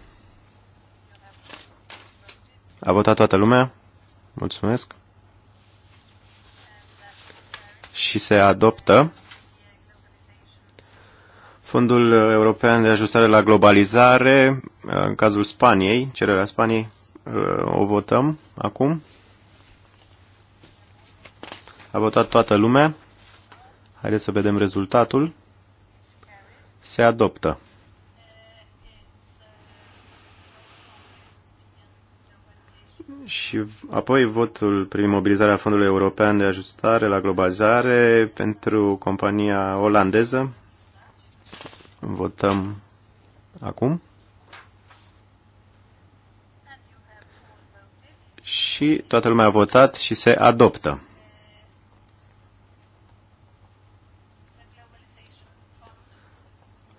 A votat toată lumea. Mulțumesc. Și se adoptă. Fondul European de Ajustare la Globalizare, în cazul Spaniei, cererea Spaniei, Uh, o votăm acum. A votat toată lumea. Haideți să vedem rezultatul. Se adoptă. Și apoi votul prin mobilizarea Fondului European de Ajustare la Globalizare pentru compania olandeză. Votăm acum. și toată lumea a votat și se adoptă.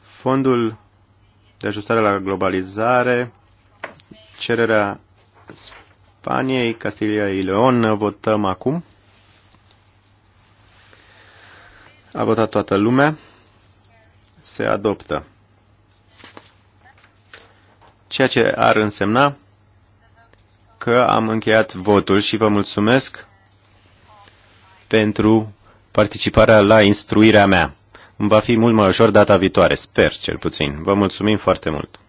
Fondul de ajustare la globalizare, cererea Spaniei, Castilia și Leon, votăm acum. A votat toată lumea. Se adoptă. Ceea ce ar însemna că am încheiat votul și vă mulțumesc pentru participarea la instruirea mea. Îmi va fi mult mai ușor data viitoare, sper cel puțin. Vă mulțumim foarte mult.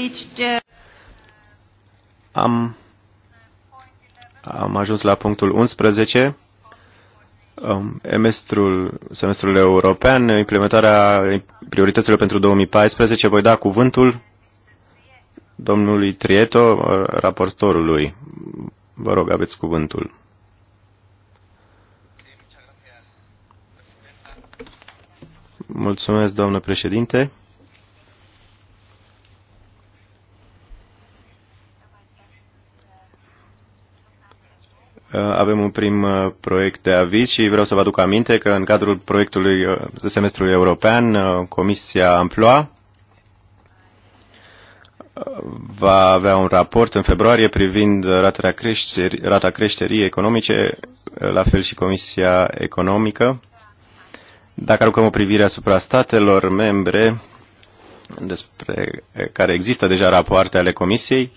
reached... Uh, am, am ajuns la punctul 11 um, semestrul, semestrul european, implementarea priorităților pentru 2014. Voi da cuvântul domnului Trieto, uh, raportorului. Vă rog, aveți cuvântul. Mulțumesc, domnule președinte. avem un prim uh, proiect de aviz și vreau să vă aduc aminte că în cadrul proiectului uh, semestrului european, uh, Comisia Amploa va avea un raport în februarie privind rata creșterii, rata creșterii economice, la fel și Comisia Economică. Dacă aruncăm o privire asupra statelor membre, despre care există deja rapoarte ale Comisiei,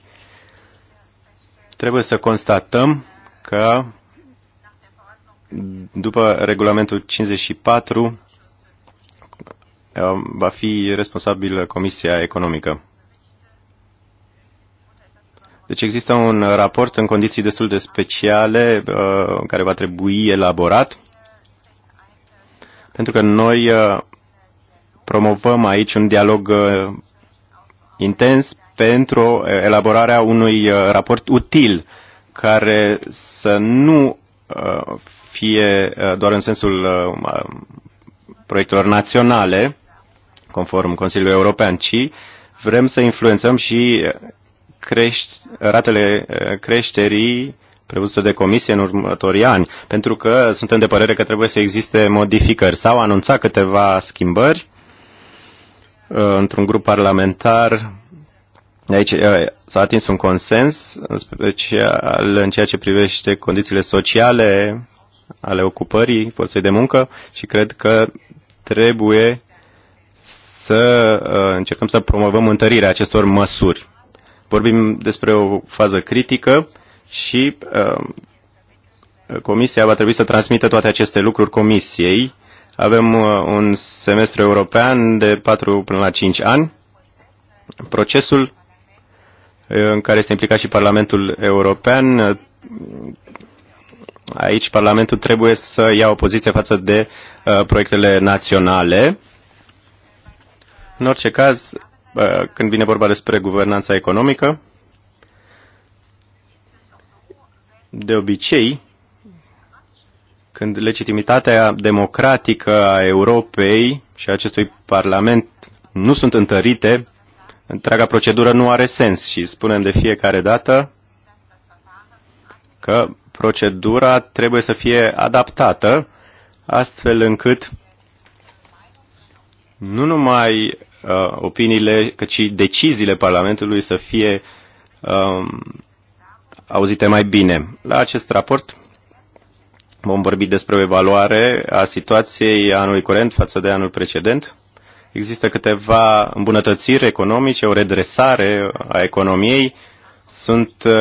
trebuie să constatăm că după regulamentul 54, uh, va fi responsabil Comisia Economică. Deci există un raport în condiții destul de speciale uh, care va trebui elaborat, pentru că noi uh, promovăm aici un dialog intens pentru elaborarea unui raport util care să nu fie uh, doar în sensul uh, um, proiectelor naționale, conform Consiliului European, ci vrem să influențăm și crești, ratele uh, creșterii prevăzute de comisie în următorii ani, pentru că suntem de părere că trebuie să existe modificări. S-au anunțat câteva schimbări într-un grup parlamentar. Aici s-a atins un consens, în special în ceea ce privește condițiile sociale, ale ocupării forței de muncă și cred că trebuie să uh, încercăm să promovăm întărirea acestor măsuri. Vorbim despre o fază critică și uh, Comisia va trebui să transmită toate aceste lucruri Comisiei. Avem uh, un semestru european de 4 până la 5 ani. Procesul în care este implicat și Parlamentul European aici Parlamentul trebuie să ia o poziție față de uh, proiectele naționale. În orice caz, uh, când vine vorba despre guvernanța economică, de obicei, când legitimitatea democratică a Europei și a acestui Parlament nu sunt întărite, întreaga procedură nu are sens și spunem de fiecare dată că procedura trebuie să fie adaptată astfel încât nu numai uh, opiniile, cât și deciziile Parlamentului să fie uh, auzite mai bine. La acest raport vom vorbi despre o evaluare a situației anului curent față de anul precedent. Există câteva îmbunătățiri economice, o redresare a economiei, uh, sunt uh,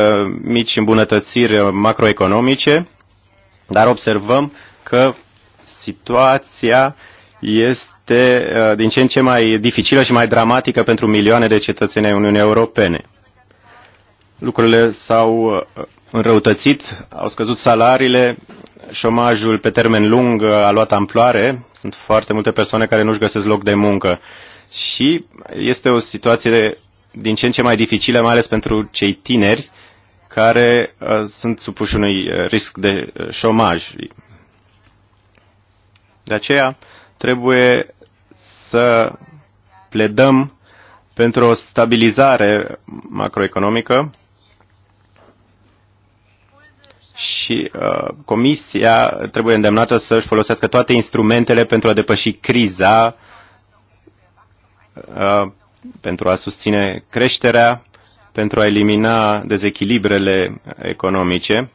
mici îmbunătățiri macroeconomice, dar observăm că situația este uh, din ce în ce mai dificilă și mai dramatică pentru milioane de cetățeni ai Uniunii Europene. Lucrurile s-au uh, înrăutățit, au scăzut salariile, șomajul pe termen lung a luat amploare, sunt foarte multe persoane care nu-și găsesc loc de muncă și este o situație din ce în ce mai dificile, mai ales pentru cei tineri care uh, sunt supuși unui uh, risc de uh, șomaj. De aceea trebuie să pledăm pentru o stabilizare macroeconomică și uh, Comisia trebuie îndemnată să își folosească toate instrumentele pentru a depăși criza uh, pentru a susține creșterea, pentru a elimina dezechilibrele economice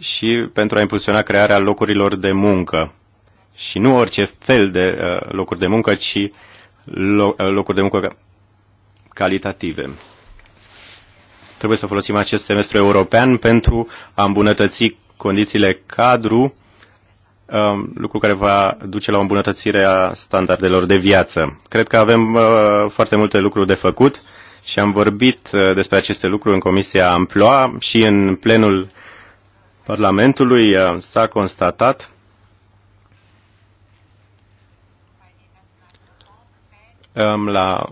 și pentru a impulsiona crearea locurilor de muncă. Și nu orice fel de uh, locuri de muncă, ci uh, locuri de muncă calitative. Trebuie să folosim acest semestru european pentru a îmbunătăți condițiile cadru Um, lucru care va duce la o îmbunătățire a standardelor de viață. Cred că avem uh, foarte multe lucruri de făcut și am vorbit uh, despre aceste lucruri în Comisia Amploa și în plenul Parlamentului uh, s-a constatat um, la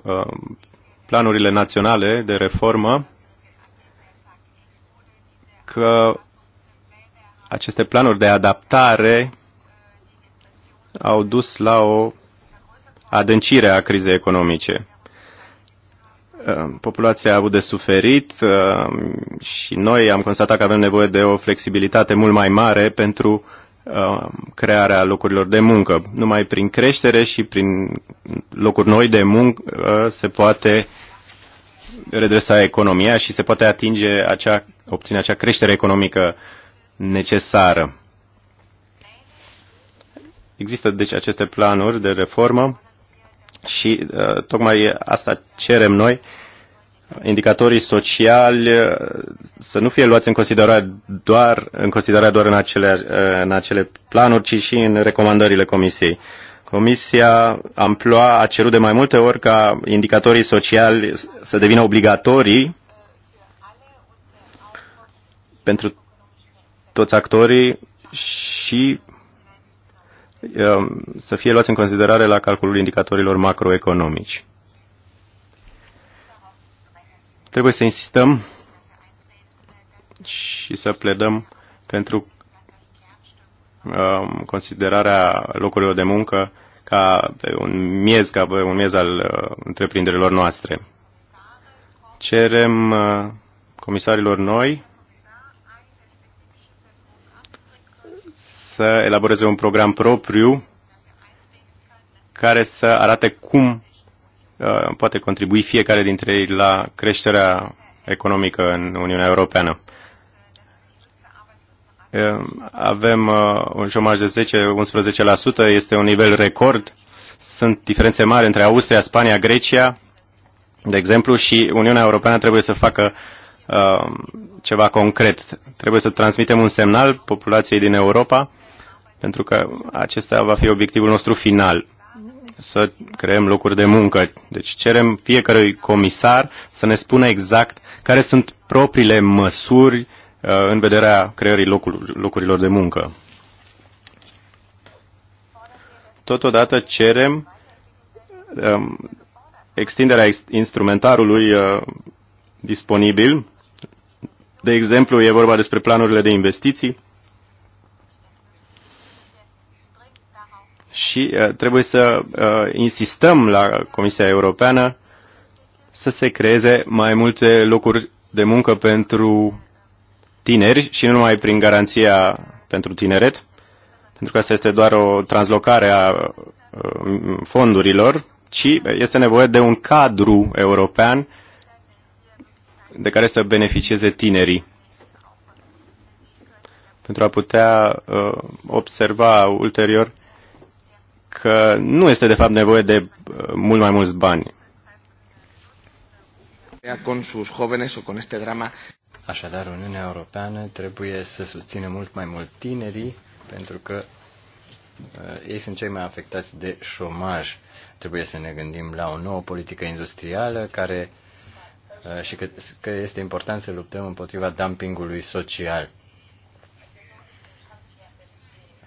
planurile naționale de reformă că aceste planuri de adaptare au dus la o adâncire a crizei economice. Ehm, populația a avut de suferit ehm, și noi am constatat că avem nevoie de o flexibilitate mult mai mare pentru ehm, crearea locurilor de muncă. Numai prin creștere și prin locuri noi de muncă se poate redresa economia și se poate atinge acea, obține acea creștere economică necesară. Există deci aceste planuri de reformă și uh, tocmai asta cerem noi, indicatorii sociali uh, să nu fie luați în considerare doar în, considerare doar în, acele, uh, în acele planuri, ci și în recomandările Comisiei. Comisia Amploa a cerut de mai multe ori ca indicatorii sociali să devină obligatorii pentru toți actorii și Um, să fie luați în considerare la calculul indicatorilor macroeconomici. Trebuie să insistăm și să pledăm pentru um, considerarea locurilor de muncă ca un miez, ca un miez al uh, întreprinderilor noastre. Cerem uh, comisarilor noi să elaboreze un program propriu care să arate cum uh, poate contribui fiecare dintre ei la creșterea economică în Uniunea Europeană. Uh, avem uh, un șomaj de 10-11%, este un nivel record. Sunt diferențe mari între Austria, Spania, Grecia, de exemplu, și Uniunea Europeană trebuie să facă ceva concret. Trebuie să transmitem un semnal populației din Europa pentru că acesta va fi obiectivul nostru final, să creăm locuri de muncă. Deci cerem fiecărui comisar să ne spună exact care sunt propriile măsuri uh, în vederea creării locurilor de muncă. Totodată cerem um, extinderea instrumentarului uh, disponibil. De exemplu, e vorba despre planurile de investiții, și uh, trebuie să uh, insistăm la Comisia Europeană să se creeze mai multe locuri de muncă pentru tineri și nu numai prin garanția pentru tineret, pentru că asta este doar o translocare a uh, fondurilor, ci este nevoie de un cadru european de care să beneficieze tinerii pentru a putea observa ulterior că nu este de fapt nevoie de uh, mult mai mulți bani. Con sus jóvenes o con este drama. Așadar, Uniunea Europeană trebuie să susțină mult mai mult tinerii, pentru că uh, ei sunt cei mai afectați de șomaj. Trebuie să ne gândim la o nouă politică industrială care uh, și că, că este important să luptăm împotriva dumpingului social.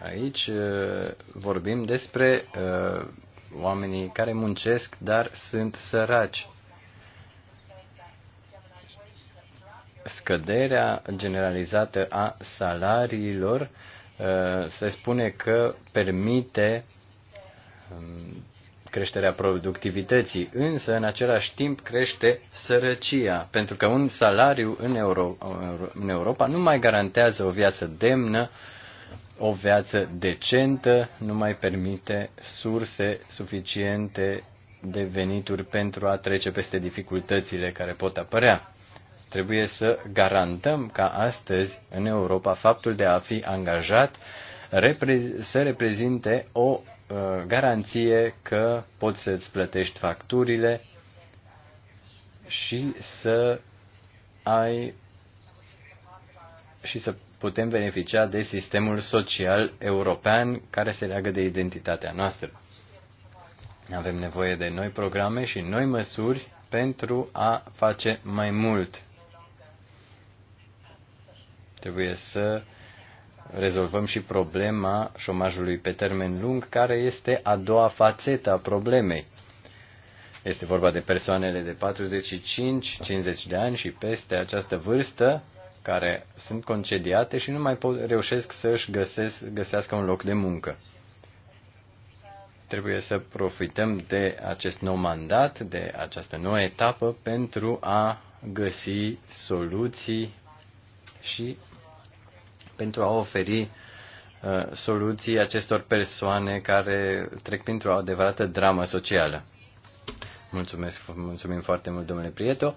Aici uh, vorbim despre uh, oamenii care muncesc, dar sunt săraci. Scăderea generalizată a salariilor uh, se spune că permite um, creșterea productivității, însă în același timp crește sărăcia, pentru că un salariu în, Euro- în Europa nu mai garantează o viață demnă uh, o viață decentă nu mai permite surse suficiente de venituri pentru a trece peste dificultățile care pot apărea. Trebuie să garantăm ca astăzi în Europa faptul de a fi angajat să reprezinte o uh, garanție că poți să-ți plătești facturile și să ai și să putem beneficia de sistemul social european care se leagă de identitatea noastră. Avem nevoie de noi programe și noi măsuri pentru a face mai mult. Trebuie să rezolvăm și problema șomajului pe termen lung, care este a doua fațetă a problemei. Este vorba de persoanele de 45-50 de ani și peste această vârstă care sunt concediate și nu mai pot, reușesc să-și găsesc, găsească un loc de muncă. Trebuie să profităm de acest nou mandat, de această nouă etapă pentru a găsi soluții și pentru a oferi uh, soluții acestor persoane care trec printr-o adevărată dramă socială. Mulțumesc, mulțumim foarte mult, domnule Prieto.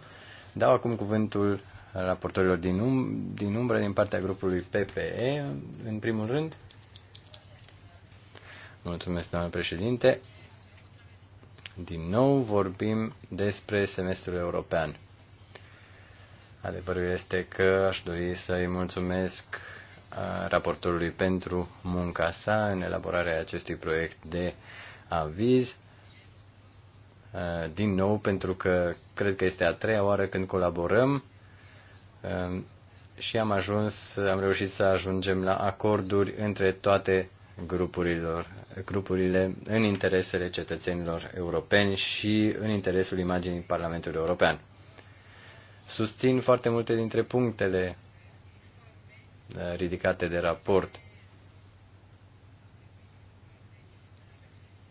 Dau acum cuvântul raportorilor din, um, din umbră din partea grupului PPE, în primul rând. Mulțumesc, doamnă președinte. Din nou vorbim despre semestrul european. Adevărul este că aș dori să-i mulțumesc raportorului pentru munca sa în elaborarea acestui proiect de aviz. Din nou, pentru că cred că este a treia oară când colaborăm Ehm, și am ajuns, am reușit să ajungem la acorduri între toate grupurilor, grupurile în interesele cetățenilor europeni și în interesul imaginii Parlamentului European. Susțin foarte multe dintre punctele eh, ridicate de raport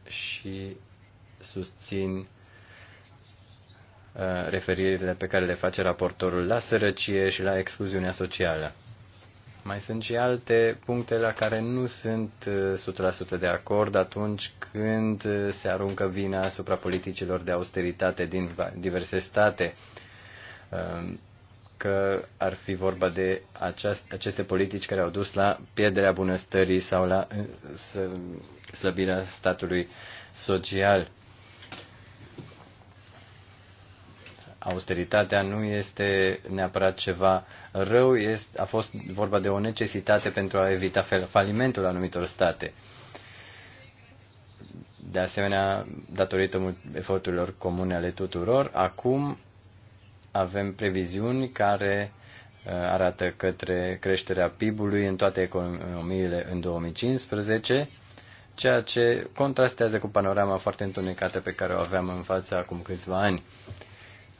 și susțin Uh, referirile pe care le face raportorul la sărăcie și la excluziunea socială. Mai sunt și alte puncte la care nu sunt 100% uh, de acord atunci când uh, se aruncă vina asupra politicilor de austeritate din diverse state, că ar fi vorba de aceste politici care au dus la pierderea bunăstării sau la slăbirea statului social austeritatea nu este neapărat ceva rău, este, a fost vorba de o necesitate pentru a evita falimentul anumitor state. De asemenea, datorită eforturilor comune ale tuturor, acum avem previziuni care uh, arată către creșterea PIB-ului în toate economiile în 2015, ceea ce contrastează cu panorama foarte întunecată pe care o aveam în fața acum câțiva ani.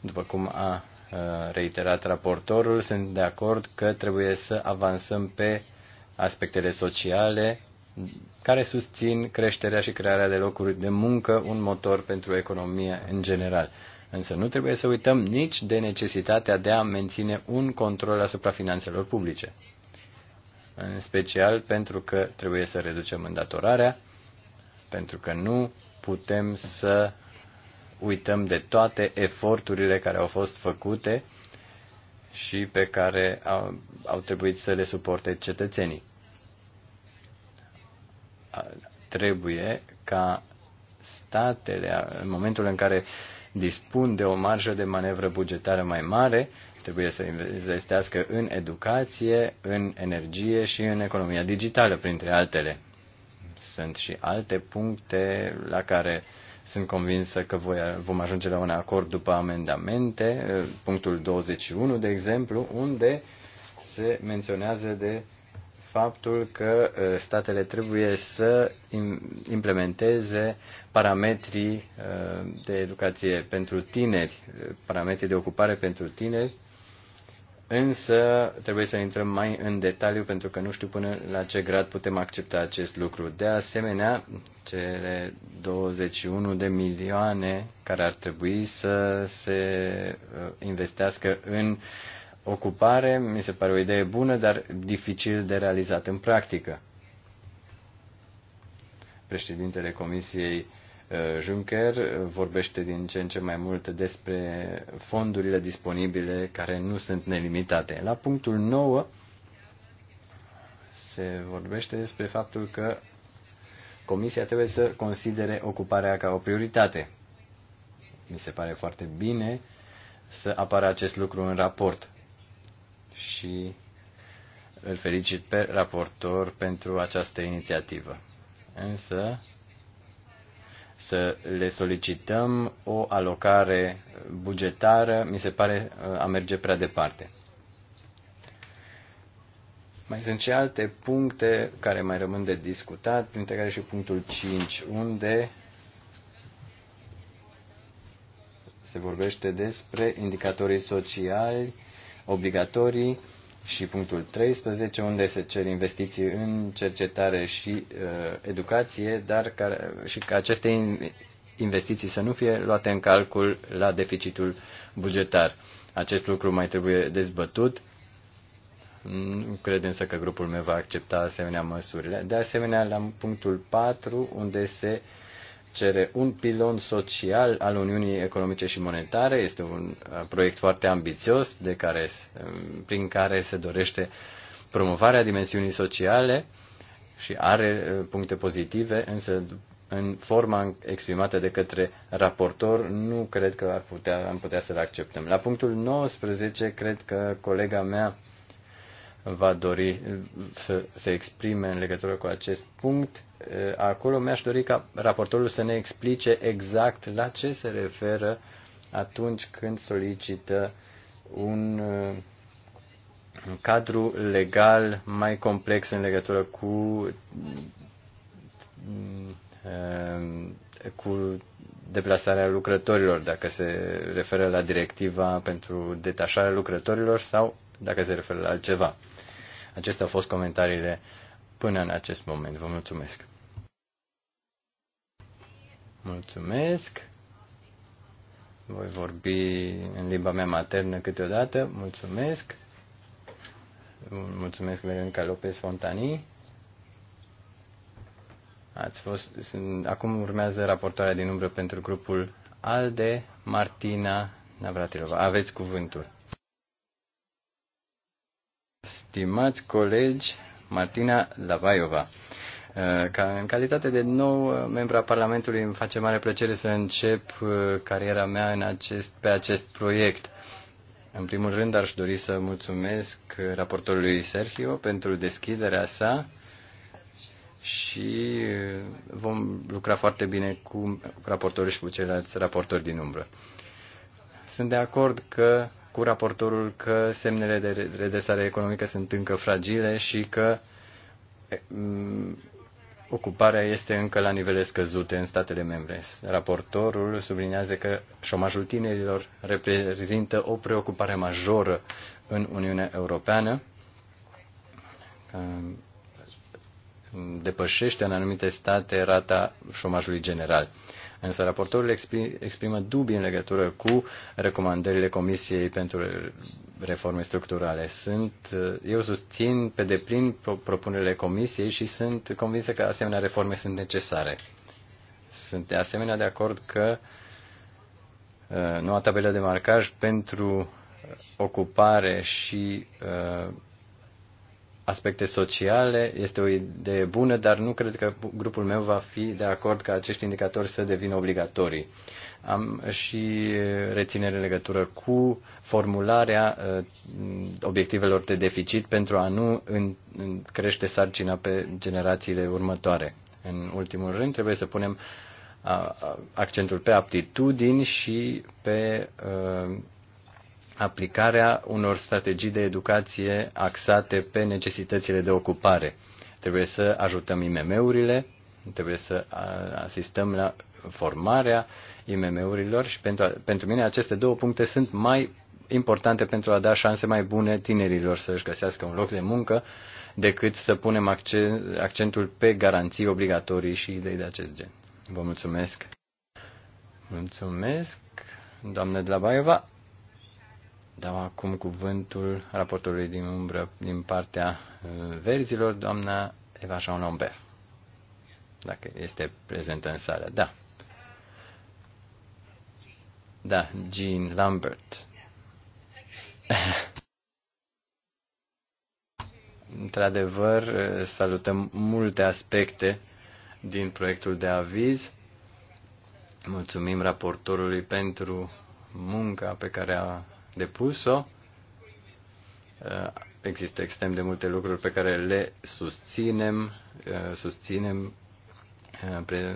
După cum a uh, reiterat raportorul, sunt de acord că trebuie să avansăm pe aspectele sociale care susțin creșterea și crearea de locuri de muncă, un motor pentru economie în general. Însă nu trebuie să uităm nici de necesitatea de a menține un control asupra finanțelor publice. În special pentru că trebuie să reducem îndatorarea, pentru că nu putem să uităm de toate eforturile care au fost făcute și pe care au, au trebuit să le suporte cetățenii. Trebuie ca statele, în momentul în care dispun de o marjă de manevră bugetară mai mare, trebuie să investească în educație, în energie și în economia digitală, printre altele. Sunt și alte puncte la care uh, sunt convinsă că voi, vom ajunge la un acord după amendamente, punctul 21, de exemplu, unde se menționează de faptul că statele trebuie să implementeze parametrii de educație pentru tineri, parametrii de ocupare pentru tineri Însă trebuie să intrăm mai în detaliu pentru că nu știu până la ce grad putem accepta acest lucru. De asemenea, cele 21 de milioane care ar trebui să se uh, investească în ocupare, mi se pare o idee bună, dar dificil de realizat în practică. Președintele Comisiei Eh, Juncker vorbește din ce în ce mai mult despre fondurile disponibile care nu sunt nelimitate. La punctul 9 se vorbește despre faptul că Comisia trebuie să considere ocuparea ca o prioritate. Mi se pare foarte bine să apară acest lucru în raport și îl felicit pe raportor pentru această inițiativă. Însă, să le solicităm o alocare bugetară, mi se pare uh, a merge prea departe. Mai sunt și alte puncte care mai rămân de discutat, printre care și punctul 5, unde se vorbește despre indicatorii sociali obligatorii și punctul 13, unde se cer investiții în cercetare și uh, educație, dar ca, și că aceste investiții să nu fie luate în calcul la deficitul bugetar. Acest lucru mai trebuie dezbătut. Nu cred însă că grupul meu va accepta asemenea măsurile. De asemenea, la punctul 4, unde se uh, cere un pilon social al Uniunii Economice și Monetare. Este un uh, proiect foarte ambițios de care, um, prin care se dorește promovarea dimensiunii sociale și are uh, puncte pozitive, însă în forma exprimată de către raportor, nu cred că ar putea, am putea să-l acceptăm. La punctul 19, cred că colega mea va dori eh, să se exprime în legătură cu acest punct. Eh, acolo mi-aș dori ca raportorul să ne explice exact la ce se referă atunci când solicită un eh, cadru legal mai complex în legătură cu cu deplasarea lucrătorilor, dacă se referă la directiva pentru detașarea lucrătorilor sau dacă se referă la altceva. Acestea au fost comentariile până în acest moment. Vă mulțumesc. Mulțumesc. Voi vorbi în limba mea maternă câteodată. Mulțumesc. Mulțumesc, Veronica Lopez Fontani. Ați fost, acum urmează raportarea din umbră pentru grupul ALDE, Martina Navratilova. Aveți cuvântul. Stimați colegi, Martina Lavaiova, uh, ca în calitate de nou uh, membru a Parlamentului îmi face mare plăcere să încep uh, cariera mea în acest, pe acest proiect. În primul rând aș dori să mulțumesc raportorului Sergio pentru deschiderea sa și vom lucra foarte bine cu raportorul și cu ceilalți raportori din umbră. Sunt de acord că cu raportorul că semnele de redresare economică sunt încă fragile și că mm, ocuparea este încă la nivele scăzute în statele membre. Raportorul sublinează că șomajul tinerilor reprezintă o preocupare majoră în Uniunea Europeană, um, depășește în anumite state rata șomajului general. Însă raportorul exprimă dubii în legătură cu recomandările Comisiei pentru Reforme Structurale. Sunt, eu susțin pe deplin propunerile Comisiei și sunt convinsă că asemenea reforme sunt necesare. Sunt de asemenea de acord că uh, noua tabelă de marcaj pentru ocupare și uh, aspecte sociale. Este o idee bună, dar nu cred că grupul meu va fi de acord ca acești indicatori să devină obligatorii. Am și reținere în legătură cu formularea uh, obiectivelor de deficit pentru a nu crește sarcina pe generațiile următoare. În ultimul rând, trebuie să punem uh, uh, accentul pe aptitudini și pe aplicarea unor strategii de educație axate pe necesitățile de ocupare. Trebuie să ajutăm IMM-urile, trebuie să asistăm la formarea IMM-urilor și pentru, pentru mine aceste două puncte sunt mai importante pentru a da șanse mai bune tinerilor să-și găsească un loc de muncă decât să punem accent, accentul pe garanții obligatorii și idei de acest gen. Vă mulțumesc! Mulțumesc, doamnă de la Baiova. Dau acum cuvântul raportului din umbră din partea uh, verzilor, doamna Eva Jean Lambert, dacă este prezentă în sală. Da. Da, Jean Lambert. Într-adevăr, uh, salutăm multe aspecte din proiectul de aviz. Mulțumim raportorului pentru munca pe care a depus-o. Eh, există extrem de multe lucruri pe care le susținem, eh, susținem eh,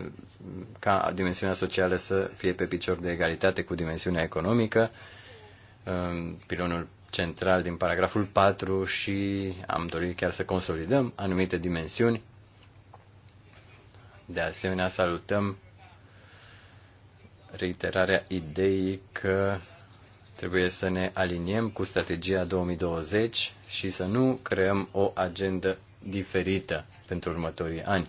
ca dimensiunea socială să fie pe picior de egalitate cu dimensiunea economică. Pilonul central din paragraful 4 și am dorit chiar să consolidăm anumite dimensiuni. De asemenea, salutăm reiterarea ideii că Trebuie să ne aliniem cu strategia 2020 și să nu creăm o agendă diferită pentru următorii ani.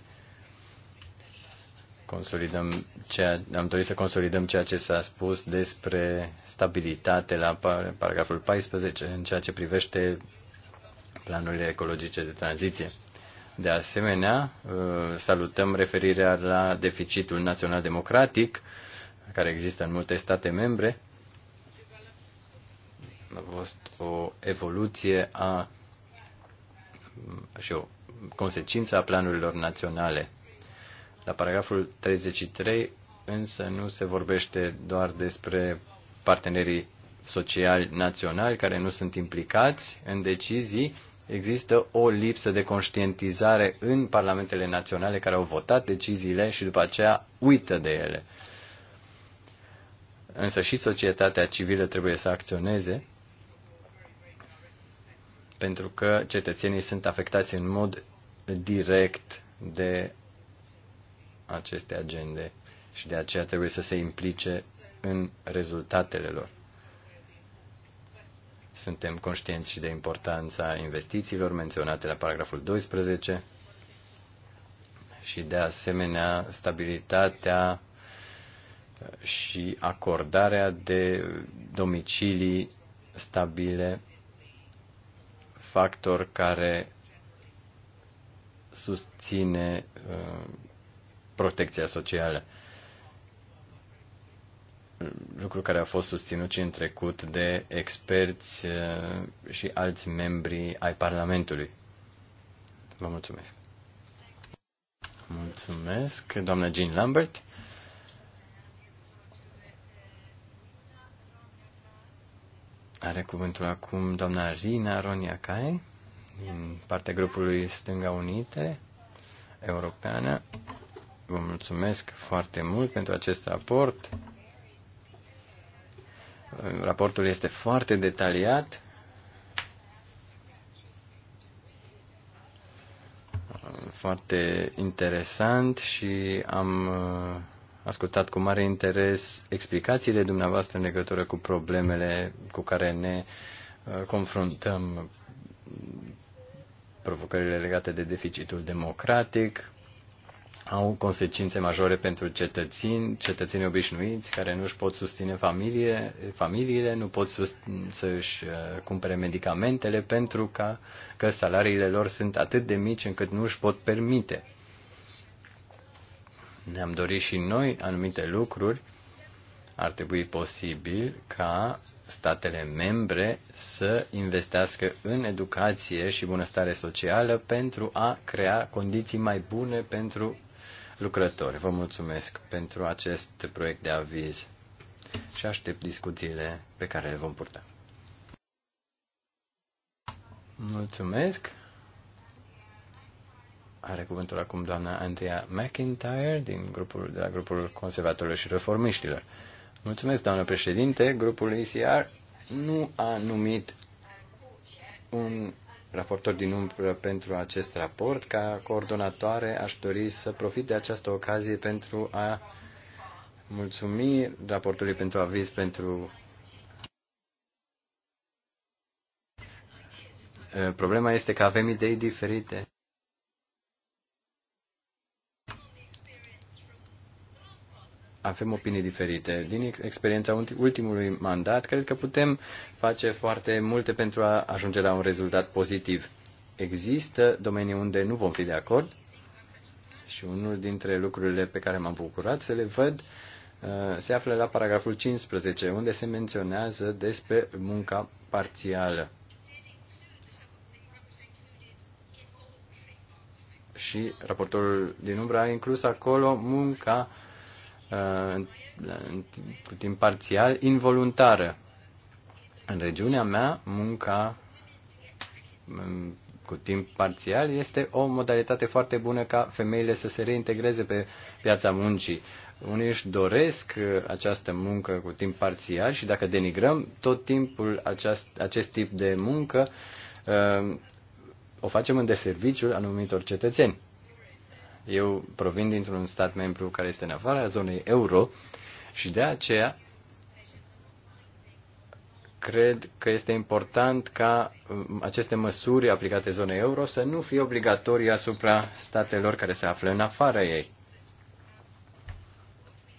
Consolidăm ceea, am dorit să consolidăm ceea ce s-a spus despre stabilitate la paragraful 14 în ceea ce privește planurile ecologice de tranziție. De asemenea, uh, salutăm referirea la deficitul național democratic care există în multe state membre a fost o evoluție a și o consecință a planurilor naționale. La paragraful 33 însă nu se vorbește doar despre partenerii sociali naționali care nu sunt implicați în decizii, există o lipsă de conștientizare în parlamentele naționale care au votat deciziile și după aceea uită de ele. Însă și societatea civilă trebuie să acționeze pentru că cetățenii sunt afectați în mod direct de aceste agende și de aceea trebuie să se implice în rezultatele lor. Suntem conștienți și de importanța investițiilor menționate la paragraful 12 și de asemenea stabilitatea și acordarea de domicilii stabile factor care susține uh, protecția socială. Lucru care a fost susținut și în trecut de experți uh, și alți membri ai Parlamentului. Vă mulțumesc. Mulțumesc, doamna Jean Lambert. Are cuvântul acum doamna Rina Roniacai, din partea grupului Stânga Unite Europeană. Vă mulțumesc foarte mult pentru acest raport. Raportul este foarte detaliat. Foarte interesant și am ascultat cu mare interes explicațiile dumneavoastră în legătură cu problemele cu care ne uh, confruntăm, provocările legate de deficitul democratic, au consecințe majore pentru cetățeni, cetățeni obișnuiți care nu își pot susține familie, familiile, nu pot să își uh, cumpere medicamentele pentru ca, că salariile lor sunt atât de mici încât nu își pot permite ne-am dorit și noi anumite lucruri, ar trebui posibil ca statele membre să investească în educație și bunăstare socială pentru a crea condiții mai bune pentru lucrători. Vă mulțumesc pentru acest proiect de aviz și aștept discuțiile pe care le vom purta. Mulțumesc. Are cuvântul acum doamna Andrea McIntyre din grupul, de la grupul conservatorilor și reformiștilor. Mulțumesc, doamnă președinte. Grupul ICR nu a numit un raportor din umbră pentru acest raport. Ca coordonatoare aș dori să profit de această ocazie pentru a mulțumi raportului pentru aviz pentru eh, Problema este că avem idei diferite avem opinii diferite. Din experiența ultimului mandat, cred că putem face foarte multe pentru a ajunge la un rezultat pozitiv. Există domenii unde nu vom fi de acord și unul dintre lucrurile pe care m-am bucurat să le văd uh, se află la paragraful 15, unde se menționează despre munca parțială. Și raportorul din umbră a inclus acolo munca uh, Uh, cu timp parțial involuntară. În regiunea mea, munca um, cu timp parțial este o modalitate foarte bună ca femeile să se reintegreze pe piața muncii. Unii își doresc uh, această muncă cu timp parțial și dacă denigrăm tot timpul aceast, acest tip de muncă, uh, o facem în deserviciul anumitor cetățeni. Eu provin dintr-un stat membru care este în afara zonei euro și de aceea cred că este important ca um, aceste măsuri aplicate zonei euro să nu fie obligatorii asupra statelor care se află în afara ei.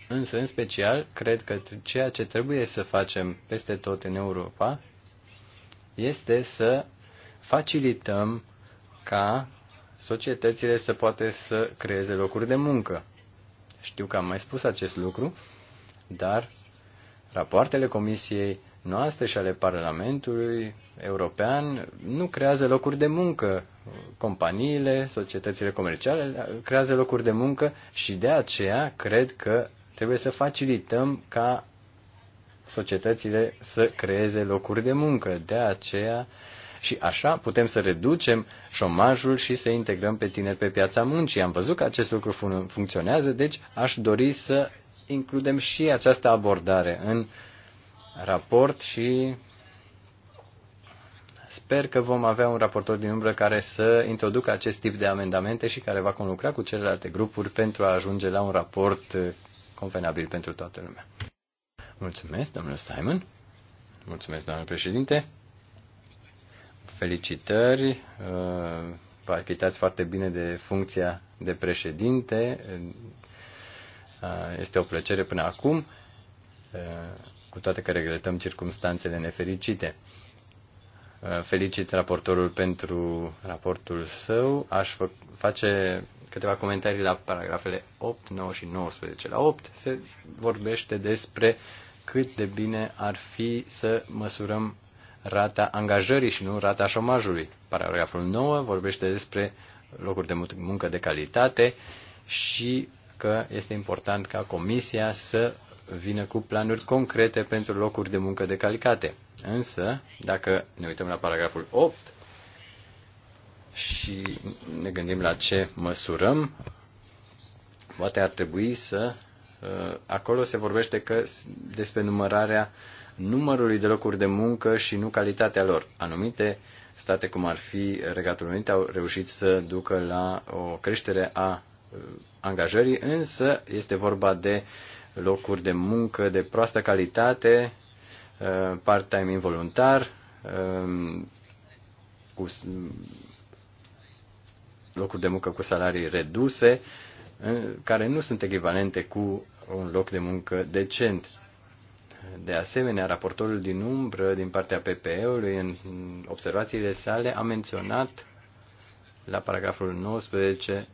Însă, în special, cred că ceea ce trebuie să facem peste tot în Europa este să facilităm ca societățile să poate să creeze locuri de muncă. Știu că am mai spus acest lucru, dar rapoartele Comisiei noastre și ale Parlamentului European nu creează locuri de muncă. Companiile, societățile comerciale creează locuri de muncă și de aceea cred că trebuie să facilităm ca societățile să creeze locuri de muncă. De aceea și așa putem să reducem șomajul și să integrăm pe tineri pe piața muncii. Am văzut că acest lucru fun- funcționează, deci aș dori să includem și această abordare în raport și sper că vom avea un raportor din umbră care să introducă acest tip de amendamente și care va conlucra cu celelalte grupuri pentru a ajunge la un raport convenabil pentru toată lumea. Mulțumesc, domnule Simon. Mulțumesc, doamnă președinte. Felicitări, palpitați foarte bine de funcția de președinte. Este o plăcere până acum, cu toate că regretăm circumstanțele nefericite. Felicit raportorul pentru raportul său. Aș face câteva comentarii la paragrafele 8, 9 și 19. La 8 se vorbește despre cât de bine ar fi să măsurăm rata angajării și nu rata șomajului. Paragraful 9 vorbește despre locuri de muncă de calitate și că este important ca Comisia să vină cu planuri concrete pentru locuri de muncă de calitate. Însă, dacă ne uităm la paragraful 8 și ne gândim la ce măsurăm, poate ar trebui să. Uh, acolo se vorbește că despre numărarea uh, numărului de locuri de muncă și nu calitatea lor. Anumite state, cum ar fi Regatul Unit, au reușit să ducă la o creștere a uh, angajării, însă este vorba de locuri de muncă de proastă calitate, uh, part-time involuntar, um, cu locuri de muncă cu salarii reduse, uh, care nu sunt echivalente cu un loc de muncă decent. De asemenea, raportorul din umbră din partea PPE-ului în observațiile sale a menționat la paragraful 19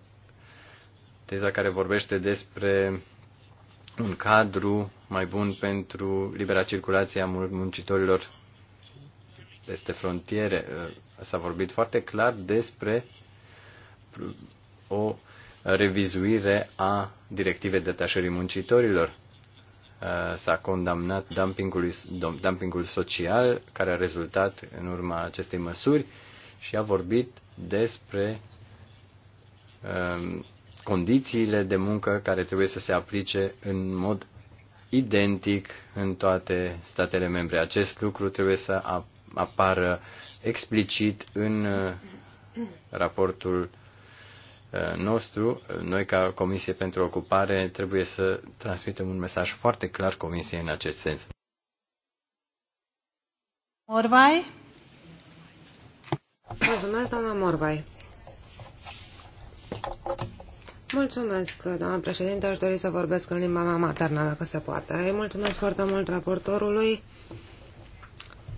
teza care vorbește despre un cadru mai bun pentru libera circulație a muncitorilor peste frontiere. S-a vorbit foarte clar despre o revizuire a directivei detașării muncitorilor. Uh, s-a condamnat dumpingul, dumpingul social care a rezultat în urma acestei măsuri și a vorbit despre um, condițiile de muncă care trebuie să se aplice în mod identic în toate statele membre. Acest lucru trebuie să apară explicit în uh, raportul nostru, noi ca Comisie pentru Ocupare trebuie să transmitem un mesaj foarte clar Comisiei în acest sens. Morvai? Mulțumesc, doamna Morvai. Mulțumesc, doamna președinte. Aș dori să vorbesc în limba mea maternă, dacă se poate. Îi mulțumesc foarte mult raportorului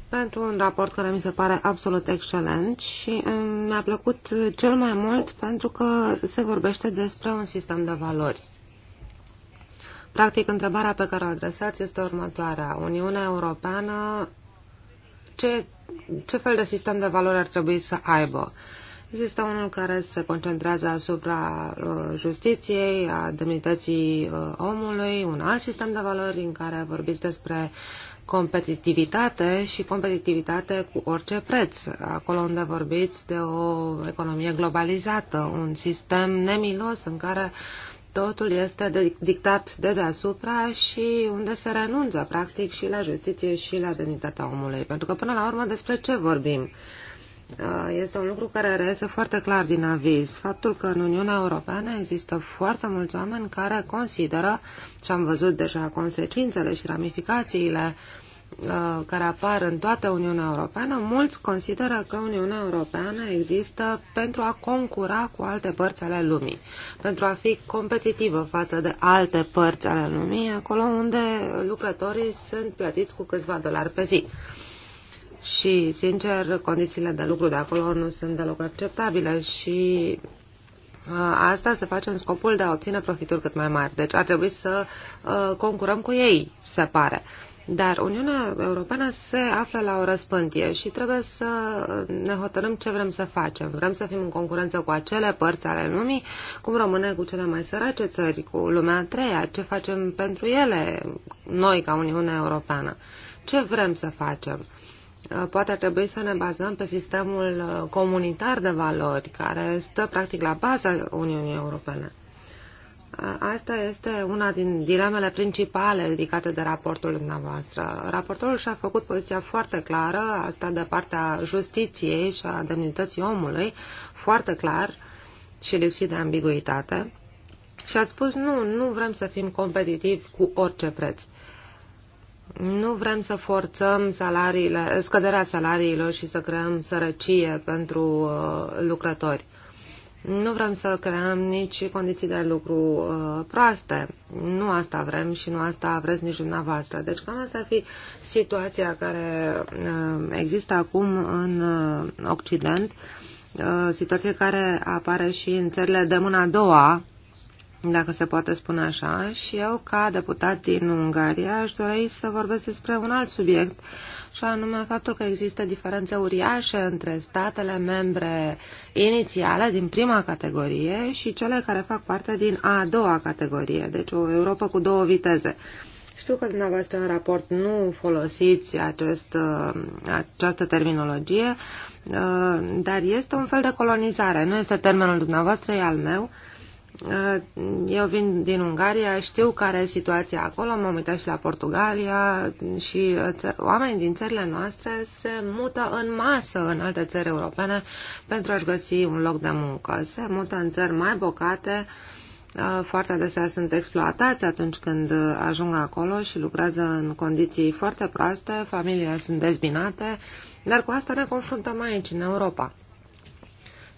pentru un raport care mi se pare absolut excelent și um, mi-a plăcut cel mai mult pentru că se vorbește despre un sistem de valori. Practic, întrebarea pe care o adresați este următoarea. Uniunea Europeană, ce, ce fel de sistem de valori ar trebui să aibă? Există unul care se concentrează asupra uh, justiției, a demnității uh, omului, un alt sistem de valori în care vorbiți despre competitivitate și competitivitate cu orice preț. Acolo unde vorbiți de o economie globalizată, un sistem nemilos în care totul este dictat de deasupra și unde se renunță practic și la justiție și la demnitatea omului. Pentru că până la urmă despre ce vorbim? Uh, Uh, este un lucru care reiese foarte clar din aviz. Faptul că în Uniunea Europeană există foarte mulți oameni care consideră, și am văzut deja consecințele și ramificațiile uh, care apar în toată Uniunea Europeană, mulți consideră că Uniunea Europeană există pentru a concura cu alte părți ale lumii, pentru a fi competitivă față de alte părți ale lumii, acolo unde lucrătorii sunt plătiți cu câțiva dolari pe zi. Uh, și, sincer, condițiile de lucru de acolo nu sunt deloc acceptabile și uh, Asta se face în scopul de a obține profituri cât mai mari. Deci ar trebui să uh, concurăm cu ei, se pare. Dar Uniunea Europeană se află la o răspântie și trebuie să ne hotărâm ce vrem să facem. Vrem să fim în concurență cu acele părți ale lumii, cum rămâne cu cele mai sărace țări, cu lumea a treia, ce facem pentru ele, noi ca Uniunea Europeană. Ce vrem să facem? Uh, Uh, poate ar trebui să ne bazăm pe sistemul uh, comunitar de valori care stă practic la baza Uniunii Europene. Uh, asta este una din dilemele principale ridicate de raportul dumneavoastră. Raportorul și-a făcut poziția foarte clară, asta de partea justiției și a demnității omului, foarte clar și lipsit de ambiguitate. Și ați spus, nu, nu vrem să fim competitivi cu orice preț. Nu vrem să forțăm salariile, scăderea salariilor și să creăm sărăcie pentru uh, lucrători. Nu vrem să creăm nici condiții de lucru uh, proaste. Nu asta vrem și nu asta vreți nici dumneavoastră. Deci cam asta ar fi situația care uh, există acum în uh, Occident, uh, situație care apare și în țările de mâna a doua, dacă se poate spune așa, și eu, ca deputat din Ungaria, aș dori să vorbesc despre un alt subiect, și anume faptul că există diferențe uriașe între statele membre inițiale din prima categorie și cele care fac parte din a doua categorie, deci o Europa cu două viteze. Știu că dumneavoastră în raport nu folosiți acest, uh, această terminologie, uh, dar este un fel de colonizare. Nu este termenul dumneavoastră, e al meu eu vin din Ungaria, știu care e situația acolo, m-am uitat și la Portugalia și oamenii din țările noastre se mută în masă în alte țări europene pentru a-și găsi un loc de muncă. Se mută în țări mai bogate, ă, foarte adesea sunt exploatați atunci când ajung acolo și lucrează în condiții foarte proaste, familiile sunt dezbinate, dar cu asta ne confruntăm aici, în Europa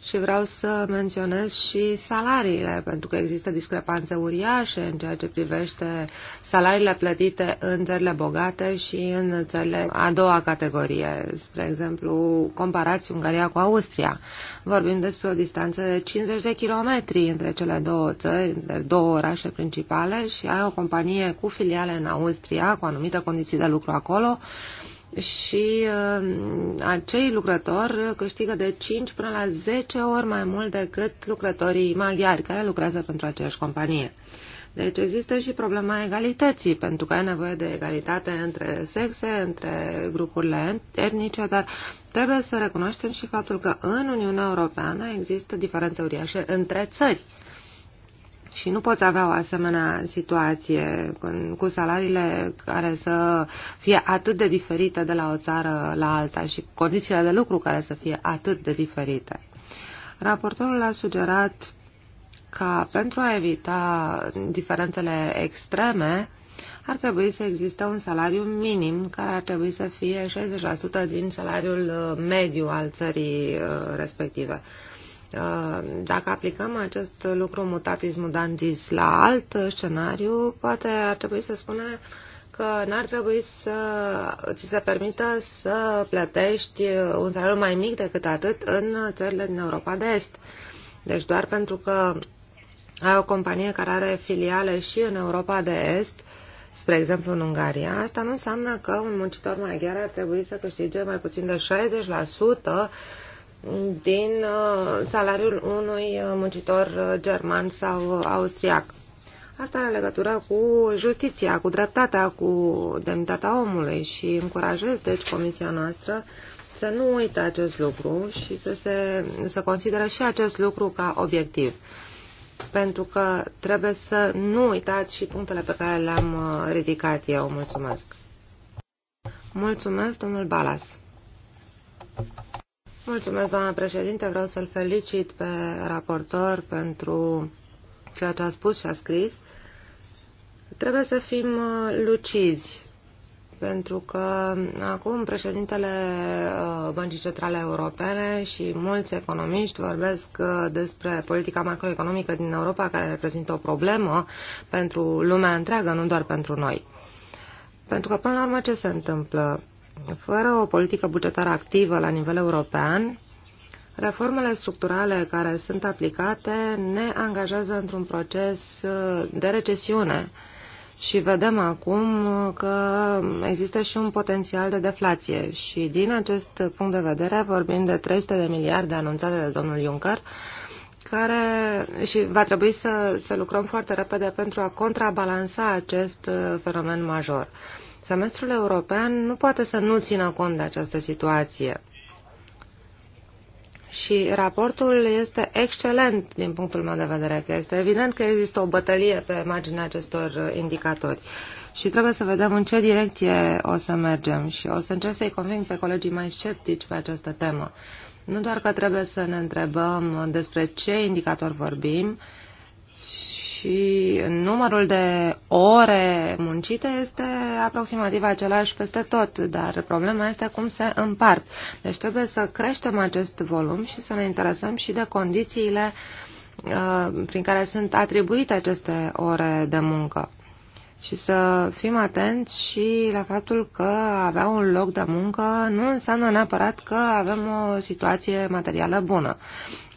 și vreau să menționez și salariile, pentru că există discrepanțe uriașe în ceea ce privește salariile plătite în țările bogate și în țările a doua categorie. Spre exemplu, comparați Ungaria cu Austria. Vorbim despre o distanță de 50 de kilometri între cele două țări, între două orașe principale și ai o companie cu filiale în Austria, cu anumite condiții de lucru acolo, și uh, acei lucrători câștigă de 5 până la 10 ori mai mult decât lucrătorii maghiari care lucrează pentru aceeași companie. Deci există și problema egalității, pentru că ai nevoie de egalitate între sexe, între grupurile etnice, dar trebuie să recunoaștem și faptul că în Uniunea Europeană există diferențe uriașe între țări. Și nu poți avea o asemenea situație cu salariile care să fie atât de diferite de la o țară la alta și condițiile de lucru care să fie atât de diferite. Raportorul a sugerat ca pentru a evita diferențele extreme, ar trebui să existe un salariu minim care ar trebui să fie 60% din salariul uh, mediu al țării uh, respective. Uh, dacă aplicăm acest lucru mutatis mudandis la alt scenariu, poate ar trebui să spune că n-ar trebui să ți se permită să plătești un salariu mai mic decât atât în țările din Europa de Est. Deci doar pentru că ai o companie care are filiale și în Europa de Est, spre exemplu în Ungaria, asta nu înseamnă că un muncitor maghiar ar trebui să câștige mai puțin de 60% din uh, salariul unui uh, muncitor uh, german sau austriac. Asta are legătură cu justiția, cu dreptatea, cu demnitatea omului și încurajez, deci, comisia noastră să nu uite acest lucru și să, se, să consideră și acest lucru ca obiectiv. Pentru că trebuie să nu uitați și punctele pe care le-am ridicat eu. Mulțumesc! Mulțumesc, domnul Balas! Mulțumesc, doamna președinte. Vreau să-l felicit pe raportor pentru ceea ce a spus și a scris. Trebuie să fim uh, lucizi, pentru că acum președintele uh, Băncii Centrale Europene și mulți economiști vorbesc uh, despre politica macroeconomică din Europa, care reprezintă o problemă pentru lumea întreagă, nu doar pentru noi. Pentru că, până la urmă, ce se întâmplă? Fără o politică bugetară activă la nivel european, reformele structurale care sunt aplicate ne angajează într-un proces uh, de recesiune și vedem acum că există și un potențial de deflație și din acest punct de vedere vorbim de 300 de miliarde anunțate de domnul Juncker care și va trebui să, să lucrăm foarte repede pentru a contrabalansa acest uh, fenomen major. Semestrul european nu poate să nu țină cont de această situație. Și raportul este excelent din punctul meu de vedere, că este evident că există o bătălie pe marginea acestor indicatori. Și trebuie să vedem în ce direcție o să mergem și o să încerc să-i conving pe colegii mai sceptici pe această temă. Nu doar că trebuie să ne întrebăm despre ce indicator vorbim, și numărul de ore muncite este aproximativ același peste tot, dar problema este cum se împart. Deci trebuie să creștem acest volum și să ne interesăm și de condițiile uh, prin care sunt atribuite aceste ore de muncă și să fim atenți și la faptul că avea un loc de muncă nu înseamnă neapărat că avem o situație materială bună.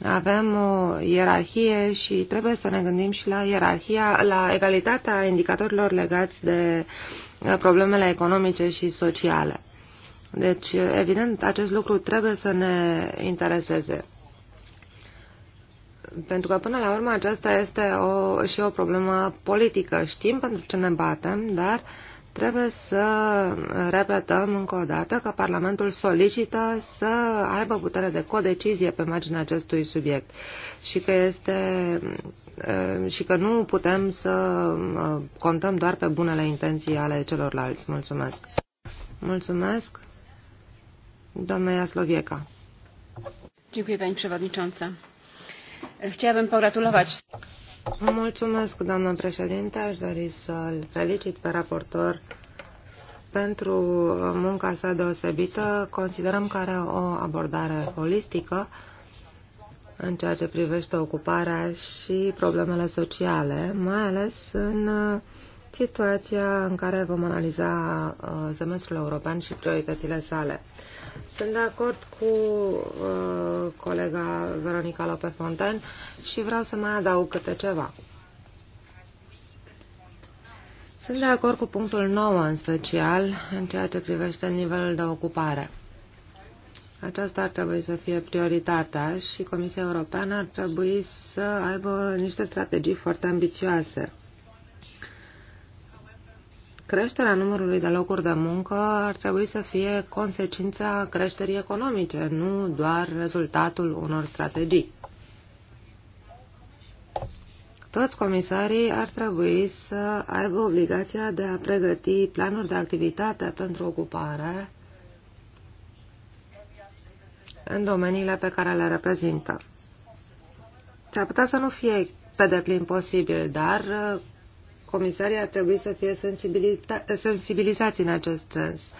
Avem o ierarhie și trebuie să ne gândim și la ierarhia, la egalitatea indicatorilor legați de uh, problemele economice și sociale. Deci, evident, acest lucru trebuie să ne intereseze. Pentru că până la urmă aceasta este o, și o problemă politică. Știm pentru ce ne batem, dar trebuie să repetăm încă o dată că Parlamentul solicită să aibă putere de codecizie pe marginea acestui subiect și că, este, uh, și că nu putem să uh, contăm doar pe bunele intenții ale celorlalți. Mulțumesc! Mulțumesc, doamna Iaslovieca! Dziękuję Pani Przewodnicząca. Chciałabym pogratulować. Mulțumesc, doamnă președinte. Aș dori să-l felicit pe raportor pentru munca sa deosebită. Considerăm că are o abordare holistică în ceea ce privește ocuparea și problemele sociale, mai ales în uh, situația în care vom analiza uh, semestrul european și prioritățile sale. Sunt de acord cu uh, colega Veronica Lope Fonten și vreau să mai adaug câte ceva. Sunt de acord cu punctul 9 în special în ceea ce privește nivelul de ocupare. Aceasta ar trebui să fie prioritatea și Comisia Europeană ar trebui să aibă niște strategii foarte ambițioase Creșterea numărului de locuri de muncă ar trebui să fie consecința creșterii economice, nu doar rezultatul unor strategii. Toți comisarii ar trebui să aibă obligația de a pregăti planuri de activitate pentru ocupare în domeniile pe care le reprezintă. S-ar putea să nu fie pe deplin posibil, dar comisarii ar trebui să fie sensibilizați în acest sens.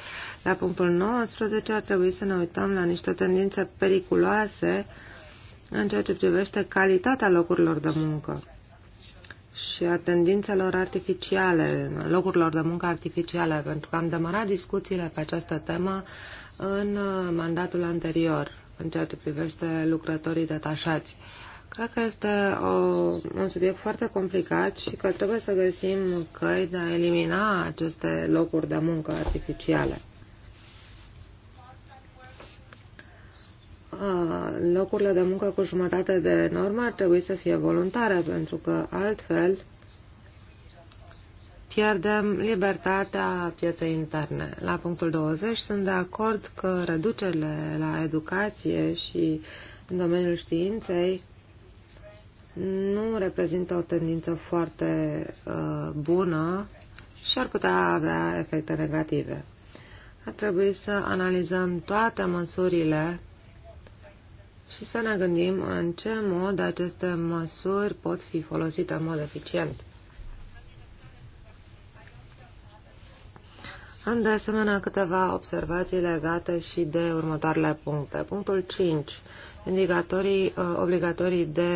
La punctul 19 ar trebui să ne uităm la niște tendințe periculoase în ceea ce privește calitatea locurilor de muncă și a tendințelor artificiale, locurilor de muncă artificiale, pentru că am demarat discuțiile pe această temă în uh, mandatul anterior, în ceea ce privește lucrătorii detașați. Uh, Cred că este o, un subiect foarte complicat și că trebuie să găsim căi de a elimina aceste locuri de muncă artificiale. Locurile de muncă cu jumătate de normă ar trebui să fie voluntare, pentru că altfel pierdem libertatea pieței interne. La punctul 20 sunt de acord că reducerile la educație și în domeniul științei nu reprezintă o tendință foarte uh, bună și ar putea avea efecte negative. Ar trebui să analizăm toate măsurile și să ne gândim în ce mod aceste măsuri pot fi folosite în mod eficient. Am de asemenea câteva observații legate și de următoarele puncte. Punctul 5. Indicatorii uh, obligatorii de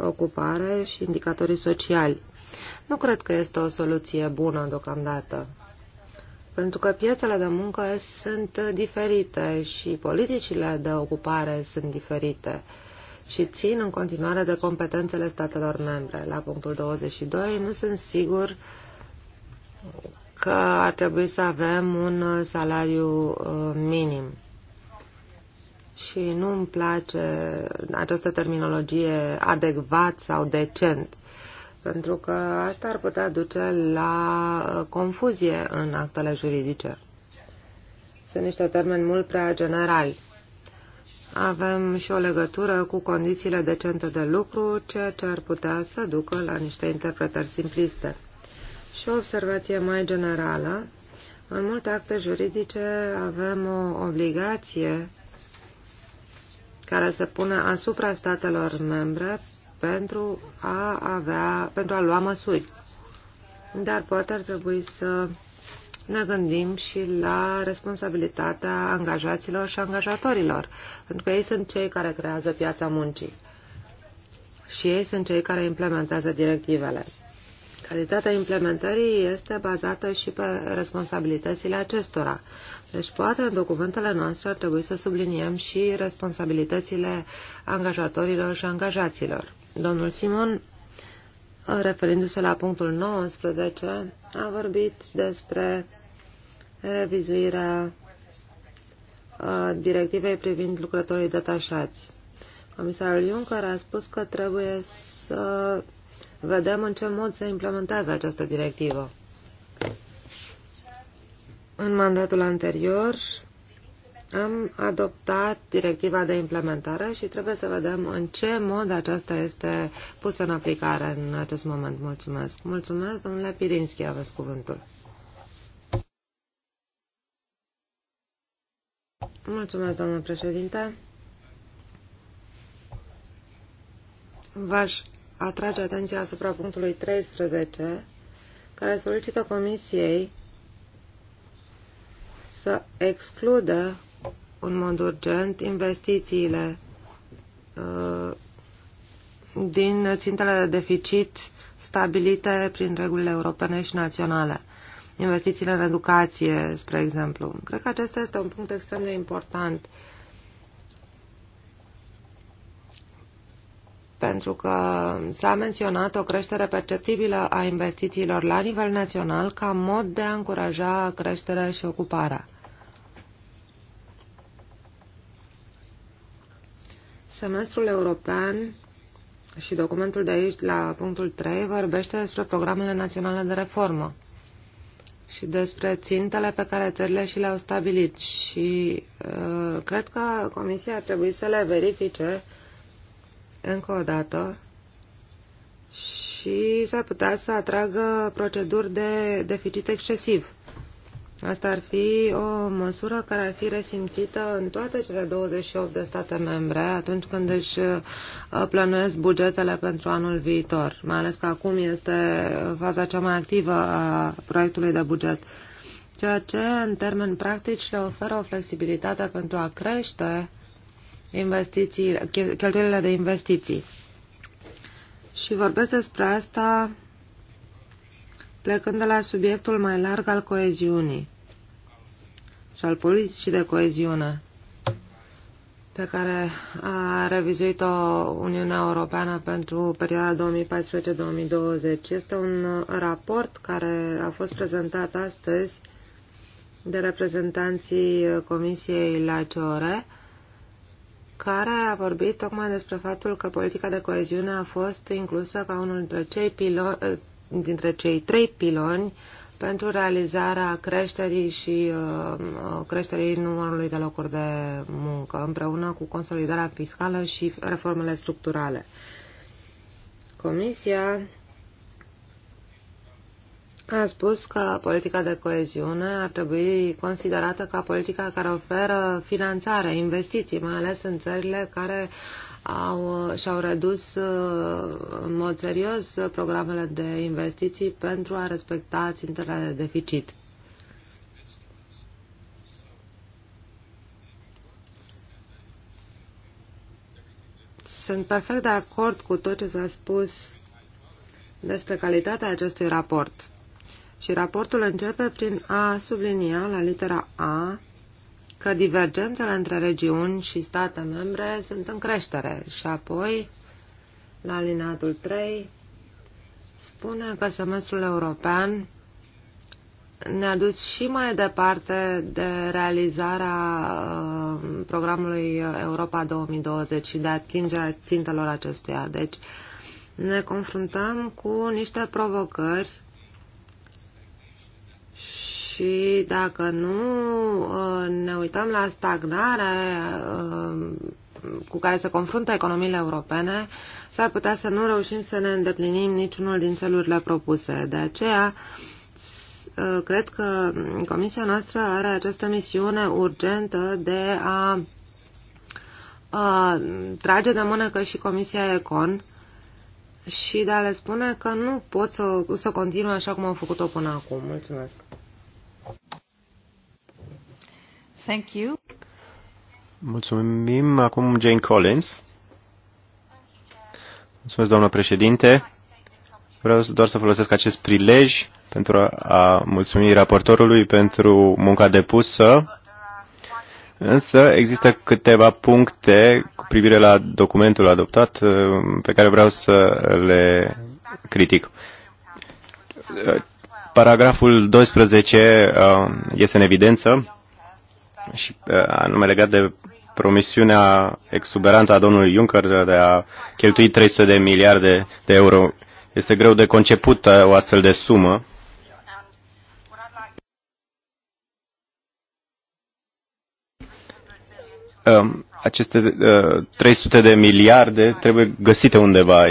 ocupare și indicatorii sociali. Nu cred că este o soluție bună deocamdată, pentru că piețele de muncă sunt diferite și politicile de ocupare sunt diferite și țin în continuare de competențele statelor membre. La punctul 22 nu sunt sigur că ar trebui să avem un salariu uh, minim și nu îmi place această terminologie adecvat sau decent, pentru că asta ar putea duce la uh, confuzie în actele juridice. Sunt niște termeni mult prea generali. Avem și o legătură cu condițiile decente de lucru, ceea ce ar putea să ducă la niște interpretări simpliste. Și o observație mai generală, în multe acte juridice avem o obligație care se pune asupra statelor membre pentru a, avea, pentru a lua măsuri. Dar poate ar trebui să ne gândim și la responsabilitatea angajaților și angajatorilor, pentru că ei sunt cei care creează piața muncii și ei sunt cei care implementează directivele. Calitatea implementării este bazată și pe responsabilitățile acestora. Deci poate în documentele noastre ar trebui să subliniem și responsabilitățile angajatorilor și angajaților. Domnul Simon, referindu-se la punctul 19, a vorbit despre revizuirea directivei privind lucrătorii detașați. Comisarul Juncker a spus că trebuie să vedem în ce mod se implementează această directivă. În mandatul anterior am adoptat directiva de implementare și trebuie să vedem în ce mod aceasta este pusă în aplicare în acest moment. Mulțumesc. Mulțumesc, domnule Pirinski, aveți cuvântul. Mulțumesc, domnule președinte. V-aș atrage atenția asupra punctului 13, care solicită Comisiei să excludă în mod urgent investițiile uh, din țintele de deficit stabilite prin regulile europene și naționale. Investițiile în educație, spre exemplu. Cred că acesta este un punct extrem de important pentru că s-a menționat o creștere perceptibilă a investițiilor la nivel național ca mod de a încuraja creșterea și ocuparea. Semestrul european și documentul de aici, la punctul 3, vorbește despre programele naționale de reformă și despre țintele pe care țările și le-au stabilit și uh, cred că Comisia ar trebui să le verifice uh, încă o dată și s-ar putea să atragă proceduri de deficit excesiv. Asta ar fi o măsură care ar fi resimțită în toate cele 28 de state membre atunci când își uh, plănuiesc bugetele pentru anul viitor, mai ales că acum este faza cea mai activă a proiectului de buget, ceea ce, în termeni practici, le oferă o flexibilitate pentru a crește investiții, cheltuielile de investiții. Și vorbesc despre asta plecând de la subiectul mai larg al coeziunii și al politicii de coeziune pe care a revizuit-o Uniunea Europeană pentru perioada 2014-2020. Este un raport care a fost prezentat astăzi de reprezentanții Comisiei la CEORE care a vorbit tocmai despre faptul că politica de coeziune a fost inclusă ca unul dintre cei, pilo dintre cei trei piloni pentru realizarea creșterii și uh, creșterii numărului de locuri de muncă, împreună cu consolidarea fiscală și reformele structurale. Comisia a spus că politica de coeziune ar trebui considerată ca politica care oferă finanțare, investiții, mai ales în țările care au, și-au redus uh, în mod serios programele de investiții pentru a respecta țintele de deficit. Sunt perfect de acord cu tot ce s-a spus despre calitatea acestui raport. Și raportul începe prin a sublinia la litera A că divergențele între regiuni și state membre sunt în creștere și apoi, la alineatul 3, spune că semestrul european ne-a dus și mai departe de realizarea uh, programului Europa 2020 și de atingerea țintelor acestuia. Deci ne confruntăm cu niște provocări și dacă nu uh, ne uităm la stagnare uh, cu care se confruntă economiile europene, s-ar putea să nu reușim să ne îndeplinim niciunul din țelurile propuse. De aceea, uh, cred că Comisia noastră are această misiune urgentă de a, trage de mână că și Comisia Econ și de a le spune că nu pot să, să continue așa cum au făcut-o până acum. Mulțumesc! Thank you. Mulțumim. Acum Jane Collins. Mulțumesc, doamnă președinte. Vreau doar să folosesc acest prilej pentru a mulțumi raportorului pentru munca depusă. Însă există câteva puncte cu privire la documentul adoptat pe care vreau să le critic. Paragraful 12 uh, este în evidență și uh, anume legat de promisiunea exuberantă a domnului Juncker de a cheltui 300 de miliarde de euro. Este greu de conceput uh, o astfel de sumă. Um, aceste 300 de miliarde trebuie găsite undeva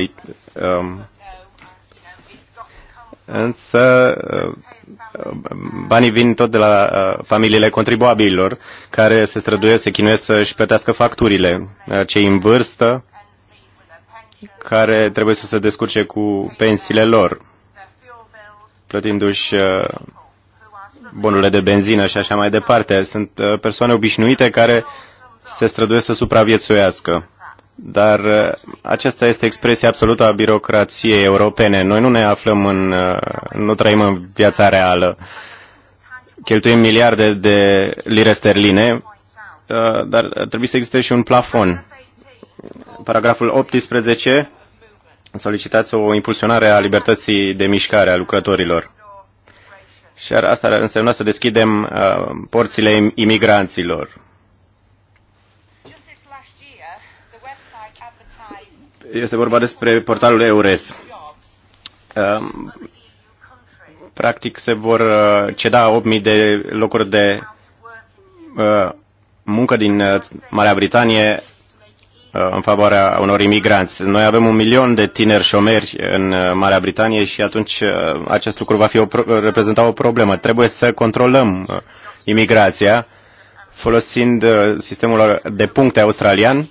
însă uh, banii vin tot de la uh, familiile contribuabililor care se străduiesc, se chinuiesc să-și plătească facturile. Uh, cei în vârstă care trebuie să se descurce cu pensiile lor, plătindu-și bonurile de benzină și așa mai departe. Sunt persoane obișnuite care se străduiesc să supraviețuiască dar uh, aceasta este expresia absolută a birocrației europene. Noi nu ne aflăm în, uh, nu trăim în viața reală. Cheltuim miliarde de lire sterline, uh, dar trebuie să existe și un plafon. Paragraful 18 solicitați o impulsionare a libertății de mișcare a lucrătorilor. Și asta ar însemna să deschidem porțile imigranților Este vorba despre portalul EURES. Ehm, practic se vor uh, ceda 8.000 de locuri de uh, muncă din uh, Marea Britanie în favoarea unor imigranți. Noi avem un milion de tineri șomeri în Marea Britanie și atunci acest lucru va fi o, reprezenta o problemă. Trebuie să controlăm imigrația folosind sistemul de puncte australian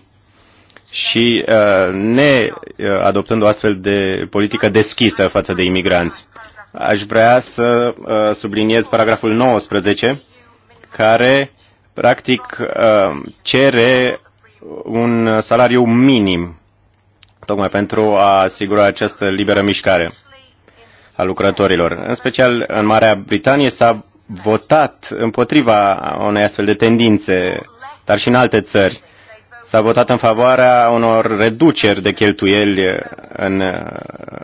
și uh, ne uh, adoptând o astfel de politică deschisă față de imigranți. Aș vrea să uh, subliniez paragraful 19, care practic cere un salariu minim, tocmai pentru a asigura această liberă mișcare a lucrătorilor. În special în Marea Britanie s-a votat împotriva unei astfel de tendințe, dar și în alte țări s-a votat în favoarea unor reduceri de cheltuieli în uh,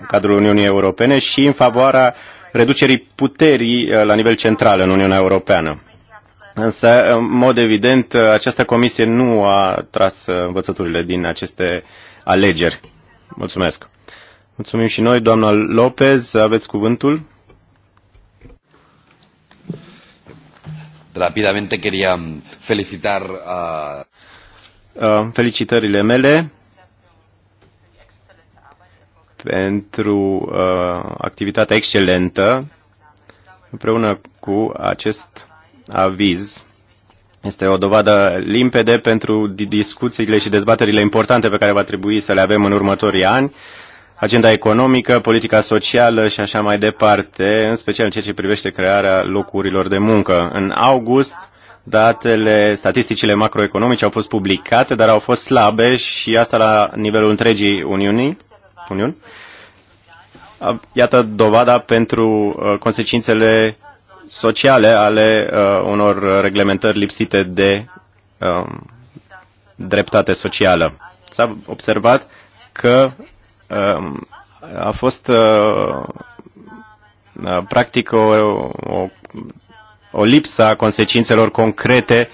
cadrul Uniunii Europene și în favoarea reducerii puterii uh, la nivel central în Uniunea Europeană. Însă, în mod evident, uh, această comisie nu a tras învățăturile din aceste alegeri. Mulțumesc. Mulțumim și noi, doamna Lopez, aveți cuvântul. Rapidamente quería felicitar a... Uh, felicitările mele pentru uh, activitatea excelentă împreună cu acest aviz. Este o dovadă limpede pentru discuțiile și dezbaterile importante pe care va trebui să le avem în următorii ani agenda economică, politica socială și așa mai departe, în special în ceea ce privește crearea locurilor de muncă. În august Datele, statisticile macroeconomice au fost publicate, dar au fost slabe și asta la nivelul întregii Uniunii. Uniuni. Iată dovada pentru uh, consecințele sociale ale uh, unor reglementări lipsite de uh, dreptate socială. S-a observat că uh, a fost uh, practic o, o o lipsă a consecințelor concrete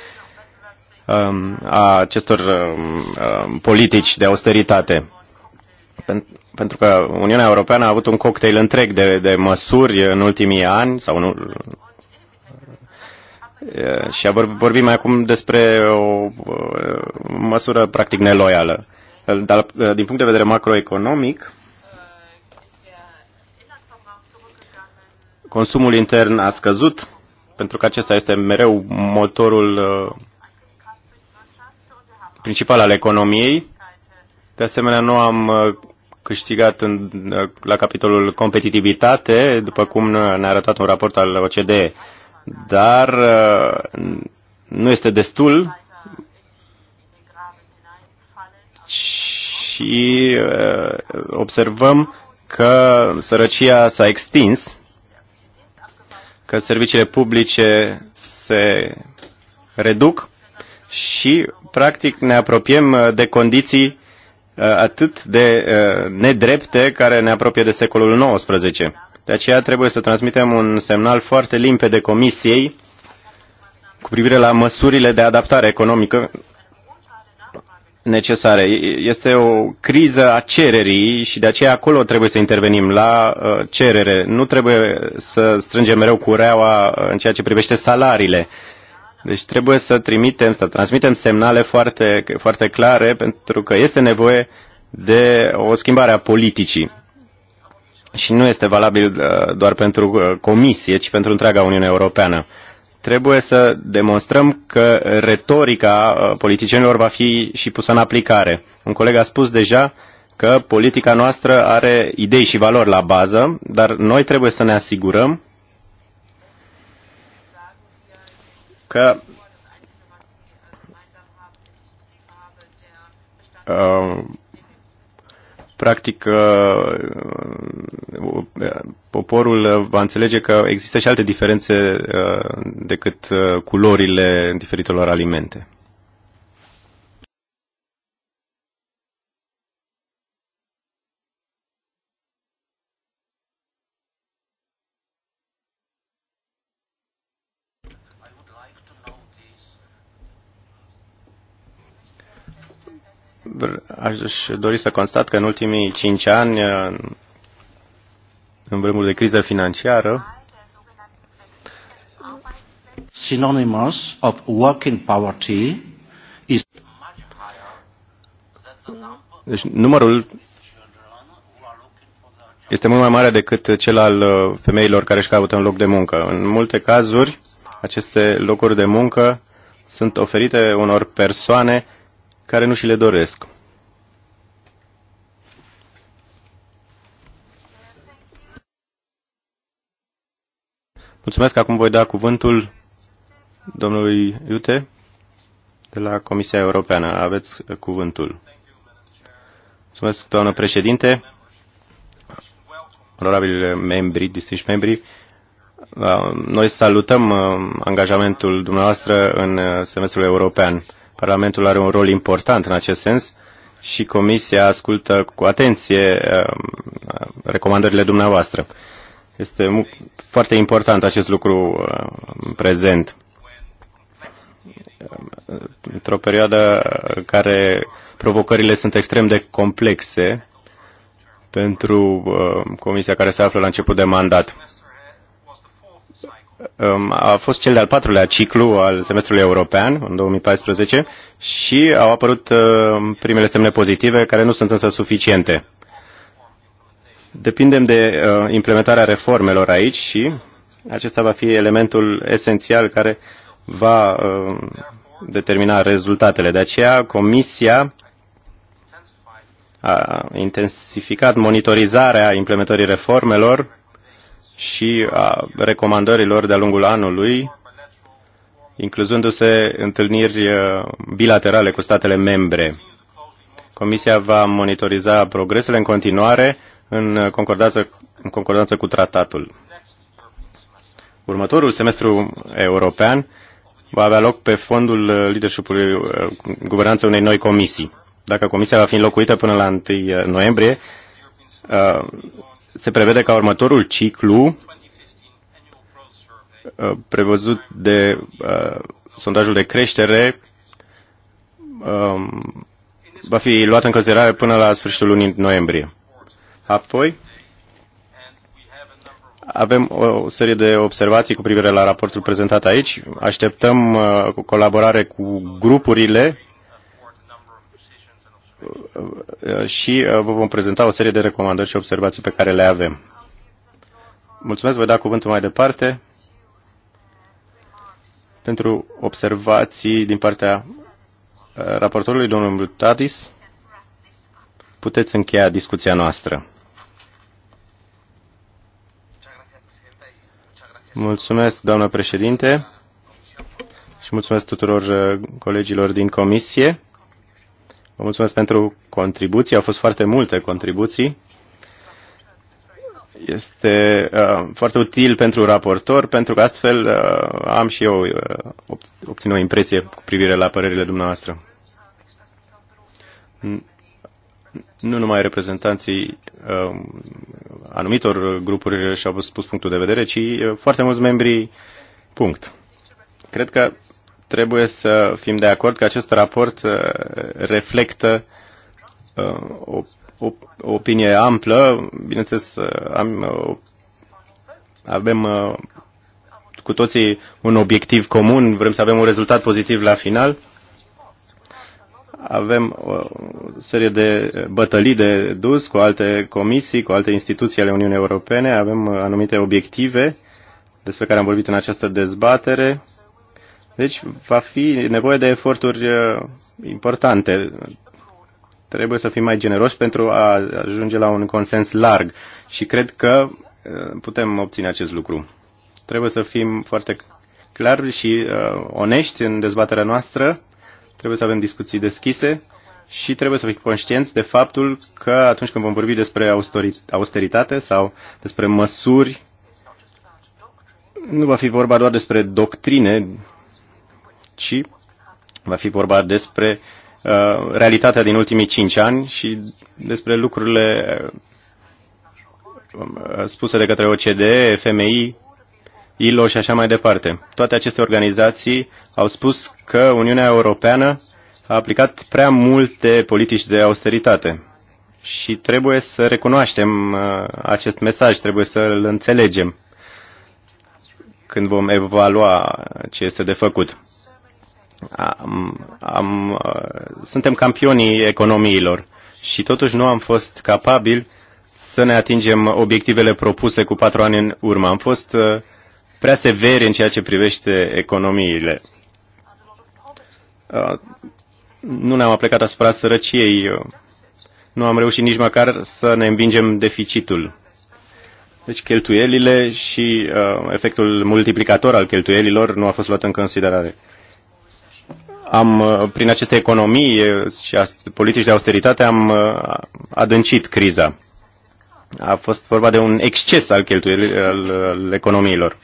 um, a acestor um, um, politici de austeritate. Pentru că Uniunea Europeană a avut un cocktail întreg de, de măsuri în ultimii ani sau nu, uh, și vorbim mai acum despre o măsură practic neloială. Uh, dar uh, din punct de vedere macroeconomic, consumul intern a scăzut pentru că acesta este mereu motorul uh, principal al economiei. De asemenea, nu am uh, câștigat în, uh, la capitolul competitivitate, după cum ne-a arătat un raport al OCDE, dar nu este destul și observăm că sărăcia s-a extins că serviciile publice se reduc și, practic, ne apropiem uh, de condiții uh, atât de uh, nedrepte care ne apropie de secolul XIX. De aceea trebuie să transmitem un semnal foarte limpede Comisiei cu privire la măsurile de adaptare economică necesare. Este o criză a cererii și de aceea acolo trebuie să intervenim, la uh, cerere. Nu trebuie să strângem mereu cureaua uh, în ceea ce privește salariile. Deci trebuie să trimitem, să transmitem semnale foarte, foarte clare pentru că este nevoie de o schimbare a politicii. Și nu este valabil uh, doar pentru Comisie, ci pentru întreaga Uniune Europeană trebuie să demonstrăm că retorica uh, politicienilor va fi și pusă în aplicare. Un coleg a spus deja că politica noastră are idei și valori la bază, dar noi trebuie să ne asigurăm că uh, practic, uh, uh, poporul va înțelege că există și alte diferențe uh, decât culorile diferitelor alimente. aș dori să constat că în ultimii cinci ani, în vremuri de criză financiară, synonymous of working poverty is deci numărul este mult mai mare decât cel al uh, femeilor care își caută un loc de muncă. În multe cazuri, aceste locuri de muncă sunt oferite unor persoane care nu și le doresc. Mulțumesc. Acum voi da cuvântul domnului Iute de la Comisia Europeană. Aveți cuvântul. Mulțumesc, doamnă președinte, onorabili membri, distinși membri. Uh, noi salutăm uh, angajamentul dumneavoastră în uh, semestrul european. Parlamentul are un rol important în acest sens și Comisia ascultă cu atenție um, recomandările dumneavoastră. Este foarte important acest lucru um, prezent. Într-o perioadă în care provocările sunt extrem de complexe pentru um, Comisia care se află la început de mandat. Um, a fost cel de-al patrulea ciclu al semestrului european în 2014 și au apărut uh, primele semne pozitive, care nu sunt însă suficiente. Depindem de uh, implementarea reformelor aici și acesta va fi elementul esențial care va uh, determina rezultatele. De aceea, Comisia a intensificat monitorizarea implementării reformelor și a recomandărilor de-a lungul anului, incluzându-se întâlniri uh, bilaterale cu statele membre. Comisia va monitoriza progresele în continuare în uh, concordanță, în concordanță cu tratatul. Următorul semestru european va avea loc pe fondul uh, leadership-ului guvernanței unei noi comisii. Dacă comisia va fi înlocuită până la 1 noiembrie, se prevede ca următorul ciclu uh, prevăzut de uh, sondajul de creștere um, va fi luat în considerare până la sfârșitul lunii noiembrie. Apoi, avem o serie de observații cu privire la raportul prezentat aici. Așteptăm uh, colaborare cu grupurile Uh, și uh, vă vom prezenta o serie de recomandări și observații pe care le avem. Mulțumesc, voi da cuvântul mai departe pentru observații din partea uh, raportorului domnului Tadis. Puteți încheia discuția noastră. Mulțumesc, doamnă președinte, și mulțumesc tuturor colegilor din comisie. Vă mulțumesc pentru contribuții. Au fost foarte multe contribuții. Este uh, foarte util pentru raportor, pentru că astfel uh, am și eu uh, obținut o impresie cu privire la părerile dumneavoastră. Nu numai reprezentanții uh, anumitor grupuri și-au spus punctul de vedere, ci uh, foarte mulți membri punct. Cred că trebuie să fim de acord că acest raport uh, reflectă uh, o, o, o opinie amplă. Bineînțeles, uh, am, avem cu toții un obiectiv comun, vrem să avem un rezultat pozitiv la final. Avem o serie de bătălii de dus cu alte comisii, cu alte instituții ale Uniunii Europene, avem anumite obiective despre care am vorbit în această dezbatere deci va fi nevoie de eforturi uh, importante. Trebuie să fim mai generoși pentru a ajunge la un consens larg și cred că uh, putem obține acest lucru. Trebuie să fim foarte clari și uh, onești în dezbaterea noastră, trebuie să avem discuții deschise și trebuie să fim conștienți de faptul că atunci când vom vorbi despre austeritate sau despre măsuri, nu va fi vorba doar despre doctrine ci va fi vorba despre uh, realitatea din ultimii cinci ani și despre lucrurile uh, spuse de către OCDE, FMI, ILO și așa mai departe. Toate aceste organizații au spus că Uniunea Europeană a aplicat prea multe politici de austeritate și trebuie să recunoaștem uh, acest mesaj, trebuie să îl înțelegem când vom evalua ce este de făcut am, am, uh, suntem campionii economiilor și totuși nu am fost capabili să ne atingem obiectivele propuse cu patru ani în urmă. Am fost uh, prea severi în ceea ce privește economiile. Uh, nu ne-am aplicat asupra sărăciei. Nu am reușit nici măcar să ne învingem deficitul. Deci cheltuielile și uh, efectul multiplicator al cheltuielilor nu a fost luat în considerare. Uh, am, uh, prin aceste economii uh, și politici de austeritate am uh, adâncit criza. A fost vorba de un exces al cheltuielilor al, al economiilor.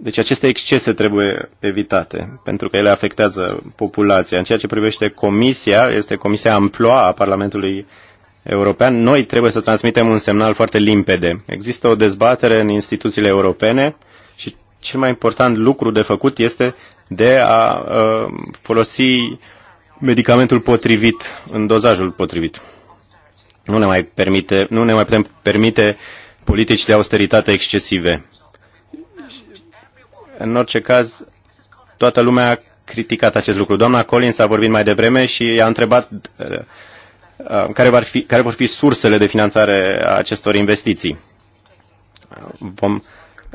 Deci aceste excese trebuie evitate, pentru că ele afectează populația. În ceea ce privește comisia, este comisia amploa a Parlamentului European, noi trebuie să transmitem un semnal foarte limpede. Există o dezbatere în instituțiile europene și cel mai important lucru de făcut este de a uh, folosi medicamentul potrivit, în dozajul potrivit. Nu ne mai, permite, nu ne mai putem permite politici de austeritate excesive. În orice caz, toată lumea a criticat acest lucru. Doamna Collins a vorbit mai devreme și i-a întrebat uh, uh, care, vor fi, care vor fi sursele de finanțare a acestor investiții. Vom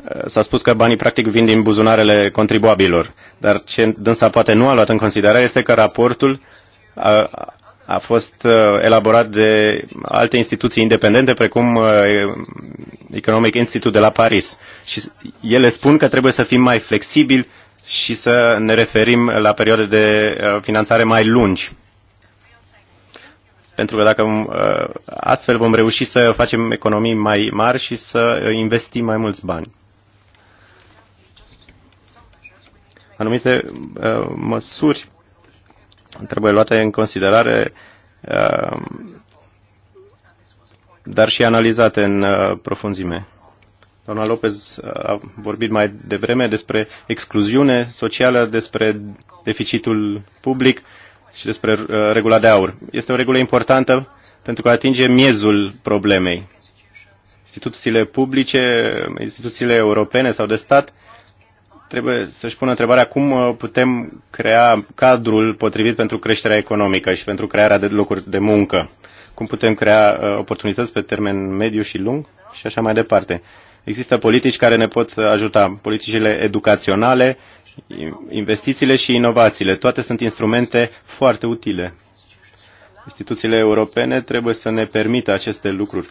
Eh, s-a spus că banii practic vin din buzunarele contribuabilor, dar ce dânsa poate nu a luat în considerare este că raportul a, a fost eh, elaborat de alte instituții independente, precum eh, Economic Institute de la Paris. Și ele spun că trebuie să fim mai flexibili și să ne referim la perioade de finanțare mai lungi. Pentru că dacă mm, astfel vom reuși să facem economii mai mari și să investim mai mulți bani. anumite uh, măsuri trebuie luate în considerare, uh, dar și analizate în uh, profunzime. Doamna Lopez a vorbit mai devreme despre excluziune socială, despre deficitul public și despre regula de aur. Este o regulă importantă pentru că atinge miezul problemei. Instituțiile publice, instituțiile europene sau de stat uh, trebuie să-și pună întrebarea cum uh, putem crea cadrul potrivit pentru creșterea economică și pentru crearea de locuri de muncă. Cum putem crea uh, oportunități pe termen mediu și lung și așa mai departe. Există politici care ne pot ajuta, politicile educaționale, investițiile și inovațiile. Toate sunt instrumente foarte utile. Instituțiile europene trebuie să ne permită aceste lucruri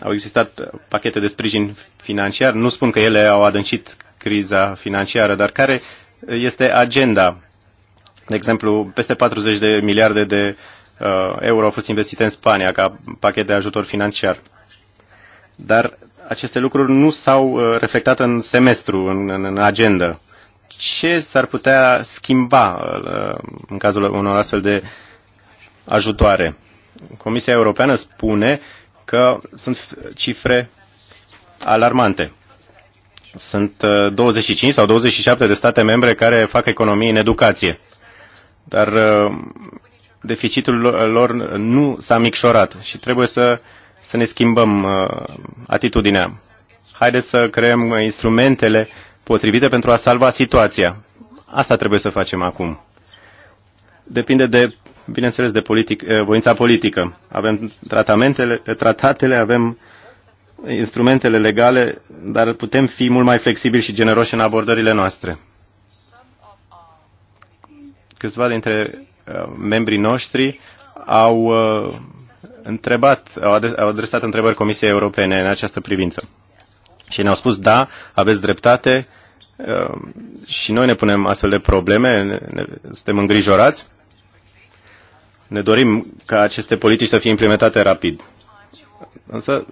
au existat uh, pachete de sprijin financiar, nu spun că ele au adâncit criza financiară, dar care uh, este agenda? De exemplu, peste 40 de miliarde de uh, euro au fost investite în Spania ca pachet de ajutor financiar. Dar aceste lucruri nu s-au uh, reflectat în semestru, în, în agenda. Ce s-ar putea schimba uh, în cazul unor astfel de ajutoare? Comisia Europeană spune uh, că sunt cifre alarmante. Sunt 25 uh, sau 27 de state membre care fac economii în educație, dar uh, deficitul lor nu s-a micșorat și trebuie să, să ne schimbăm uh, atitudinea. Haideți să creăm instrumentele potrivite pentru a salva situația. Asta trebuie să facem acum. Depinde de bineînțeles, de politic, eh, voința politică. Avem tratamentele, eh, tratatele, avem instrumentele legale, dar putem fi mult mai flexibili și generoși în abordările noastre. Câțiva dintre eh, membrii noștri au întrebat, au adresat întrebări Comisiei Europene în această privință. Și ne-au spus, da, aveți dreptate și noi ne punem astfel de probleme, suntem îngrijorați ne dorim ca aceste politici să fie implementate rapid. Însă,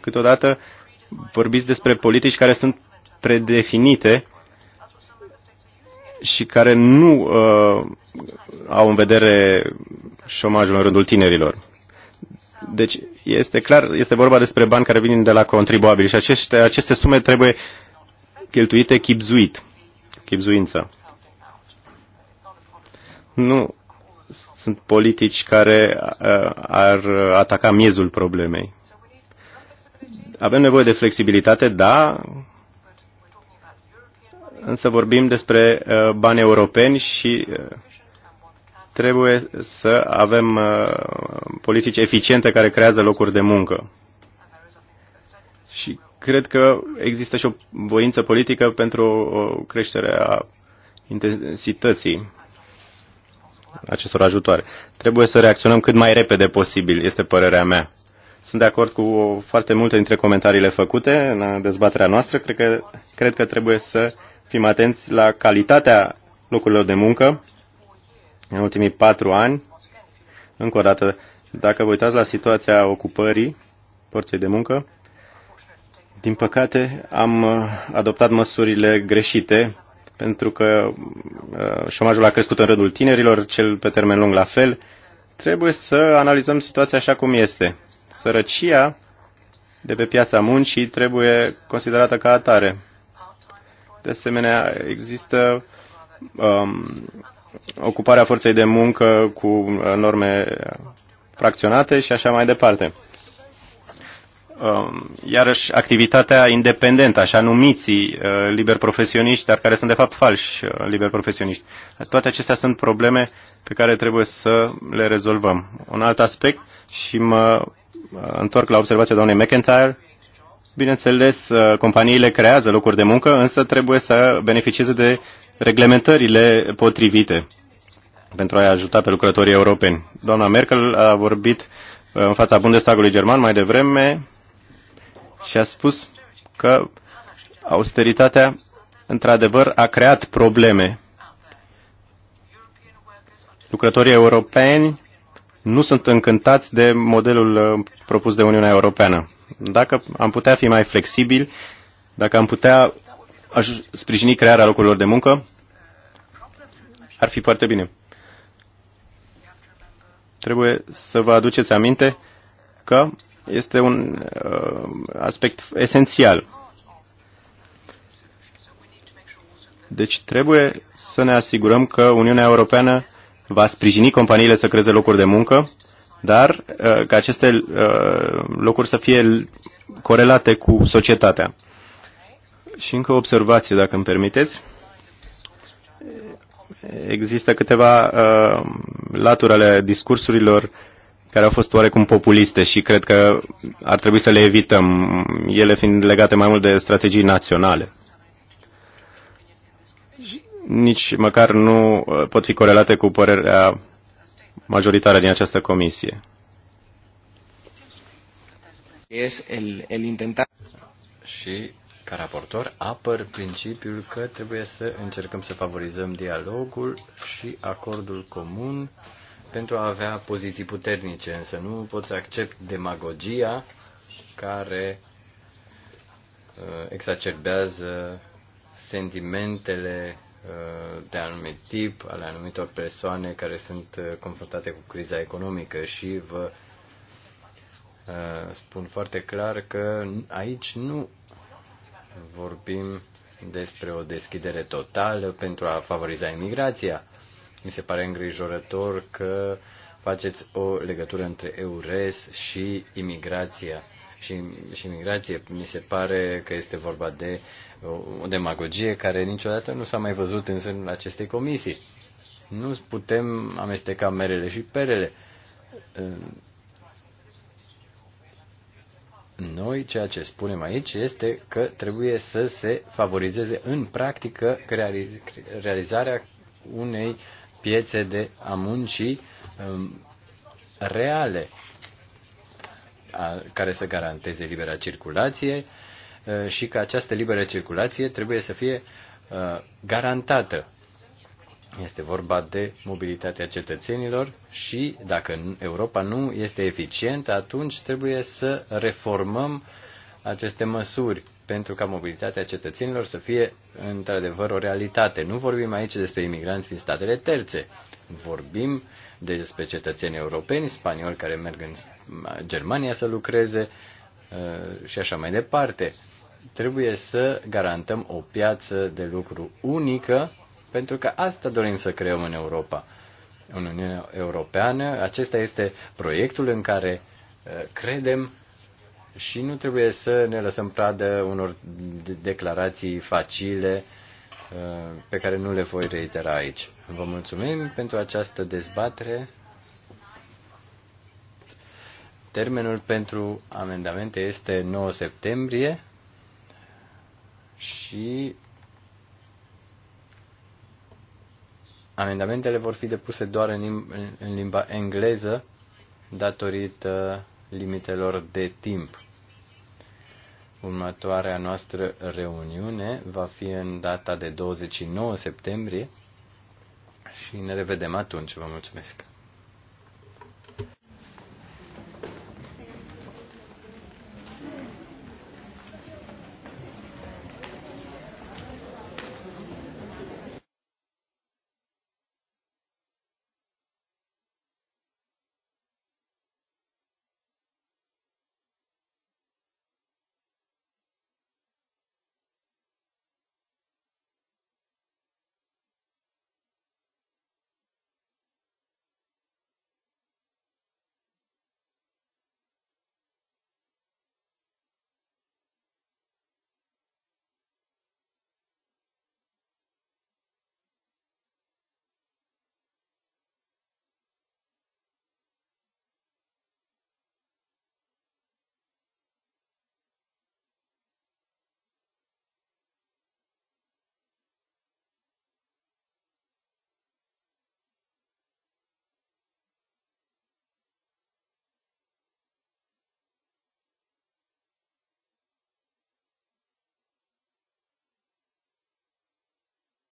câteodată, vorbiți despre politici care sunt predefinite și care nu uh, au în vedere șomajul în rândul tinerilor. Deci este clar, este vorba despre bani care vin de la contribuabili și aceste, aceste sume trebuie cheltuite chipzuit, chipzuință. Nu sunt politici care ar ataca miezul problemei. Avem nevoie de flexibilitate, da, însă vorbim despre bani europeni și trebuie să avem politici eficiente care creează locuri de muncă. Și cred că există și o voință politică pentru o creștere a intensității acestor ajutoare. Trebuie să reacționăm cât mai repede posibil, este părerea mea. Sunt de acord cu foarte multe dintre comentariile făcute în dezbaterea noastră. Cred că, cred că trebuie să fim atenți la calitatea locurilor de muncă în ultimii patru ani. Încă o dată, dacă vă uitați la situația ocupării porții de muncă, din păcate am adoptat măsurile greșite pentru că uh, șomajul a crescut în rândul tinerilor, cel pe termen lung la fel. Trebuie să analizăm situația așa cum este. Sărăcia de pe piața muncii trebuie considerată ca atare. De asemenea, există um, ocuparea forței de muncă cu uh, norme fracționate și așa mai departe. Um, iarăși activitatea independentă, așa numiții uh, liber profesioniști, dar care sunt de fapt falși uh, liber profesioniști. Toate acestea sunt probleme pe care trebuie să le rezolvăm. Un alt aspect și mă întorc la observația doamnei McIntyre, bineînțeles, uh, companiile creează locuri de muncă, însă trebuie să beneficieze de reglementările potrivite pentru a-i ajuta pe lucrătorii europeni. Doamna Merkel a vorbit în fața Bundestagului german mai devreme și a spus că austeritatea, într-adevăr, a creat probleme. Lucrătorii europeni nu sunt încântați de modelul uh, propus de Uniunea Europeană. Dacă am putea fi mai flexibili, dacă am putea sprijini crearea locurilor de muncă, ar fi foarte bine. Trebuie să vă aduceți aminte că este un uh, aspect esențial. Deci trebuie să ne asigurăm că Uniunea Europeană va sprijini companiile să creeze locuri de muncă, dar uh, că aceste uh, locuri să fie corelate cu societatea. Și încă o observație, dacă îmi permiteți. Există câteva uh, laturi ale discursurilor care au fost oarecum populiste și cred că ar trebui să le evităm, ele fiind legate mai mult de strategii naționale. Nici măcar nu uh, pot fi corelate cu părerea majoritară din această comisie. Și ca raportor apăr principiul că trebuie să încercăm să favorizăm dialogul și acordul comun pentru a avea poziții puternice, însă nu pot să accept demagogia care uh, exacerbează sentimentele uh, de anumit tip ale anumitor persoane care sunt uh, confruntate cu criza economică și vă spun foarte clar că aici nu vorbim despre o deschidere totală pentru a favoriza imigrația. Mi se pare îngrijorător că faceți o legătură între EURES și imigrația. Și, și imigrație, mi se pare că este vorba de o demagogie care niciodată nu s-a mai văzut în sânul acestei comisii. Nu putem amesteca merele și perele. Noi ceea ce spunem aici este că trebuie să se favorizeze în practică realizarea unei piețe de a muncii um, reale care să garanteze libera circulație uh, și că această liberă circulație trebuie să fie uh, garantată. Este vorba de mobilitatea cetățenilor și dacă Europa nu este eficientă, atunci trebuie să reformăm aceste măsuri pentru ca mobilitatea cetățenilor să fie într-adevăr o realitate. Nu vorbim aici despre imigranți din statele terțe. Vorbim despre cetățeni europeni, spanioli care merg în Germania să lucreze uh, și așa mai departe. Trebuie să garantăm o piață de lucru unică, pentru că asta dorim să creăm în Europa. În Uniunea Europeană, acesta este proiectul în care uh, credem și nu trebuie să ne lăsăm pradă unor declarații facile uh, pe care nu le voi reitera aici. Vă mulțumim pentru această dezbatere. Termenul pentru amendamente este 9 septembrie și amendamentele vor fi depuse doar în, în limba engleză datorită limitelor de timp. Următoarea noastră reuniune va fi în data de 29 septembrie și ne revedem atunci. Vă mulțumesc!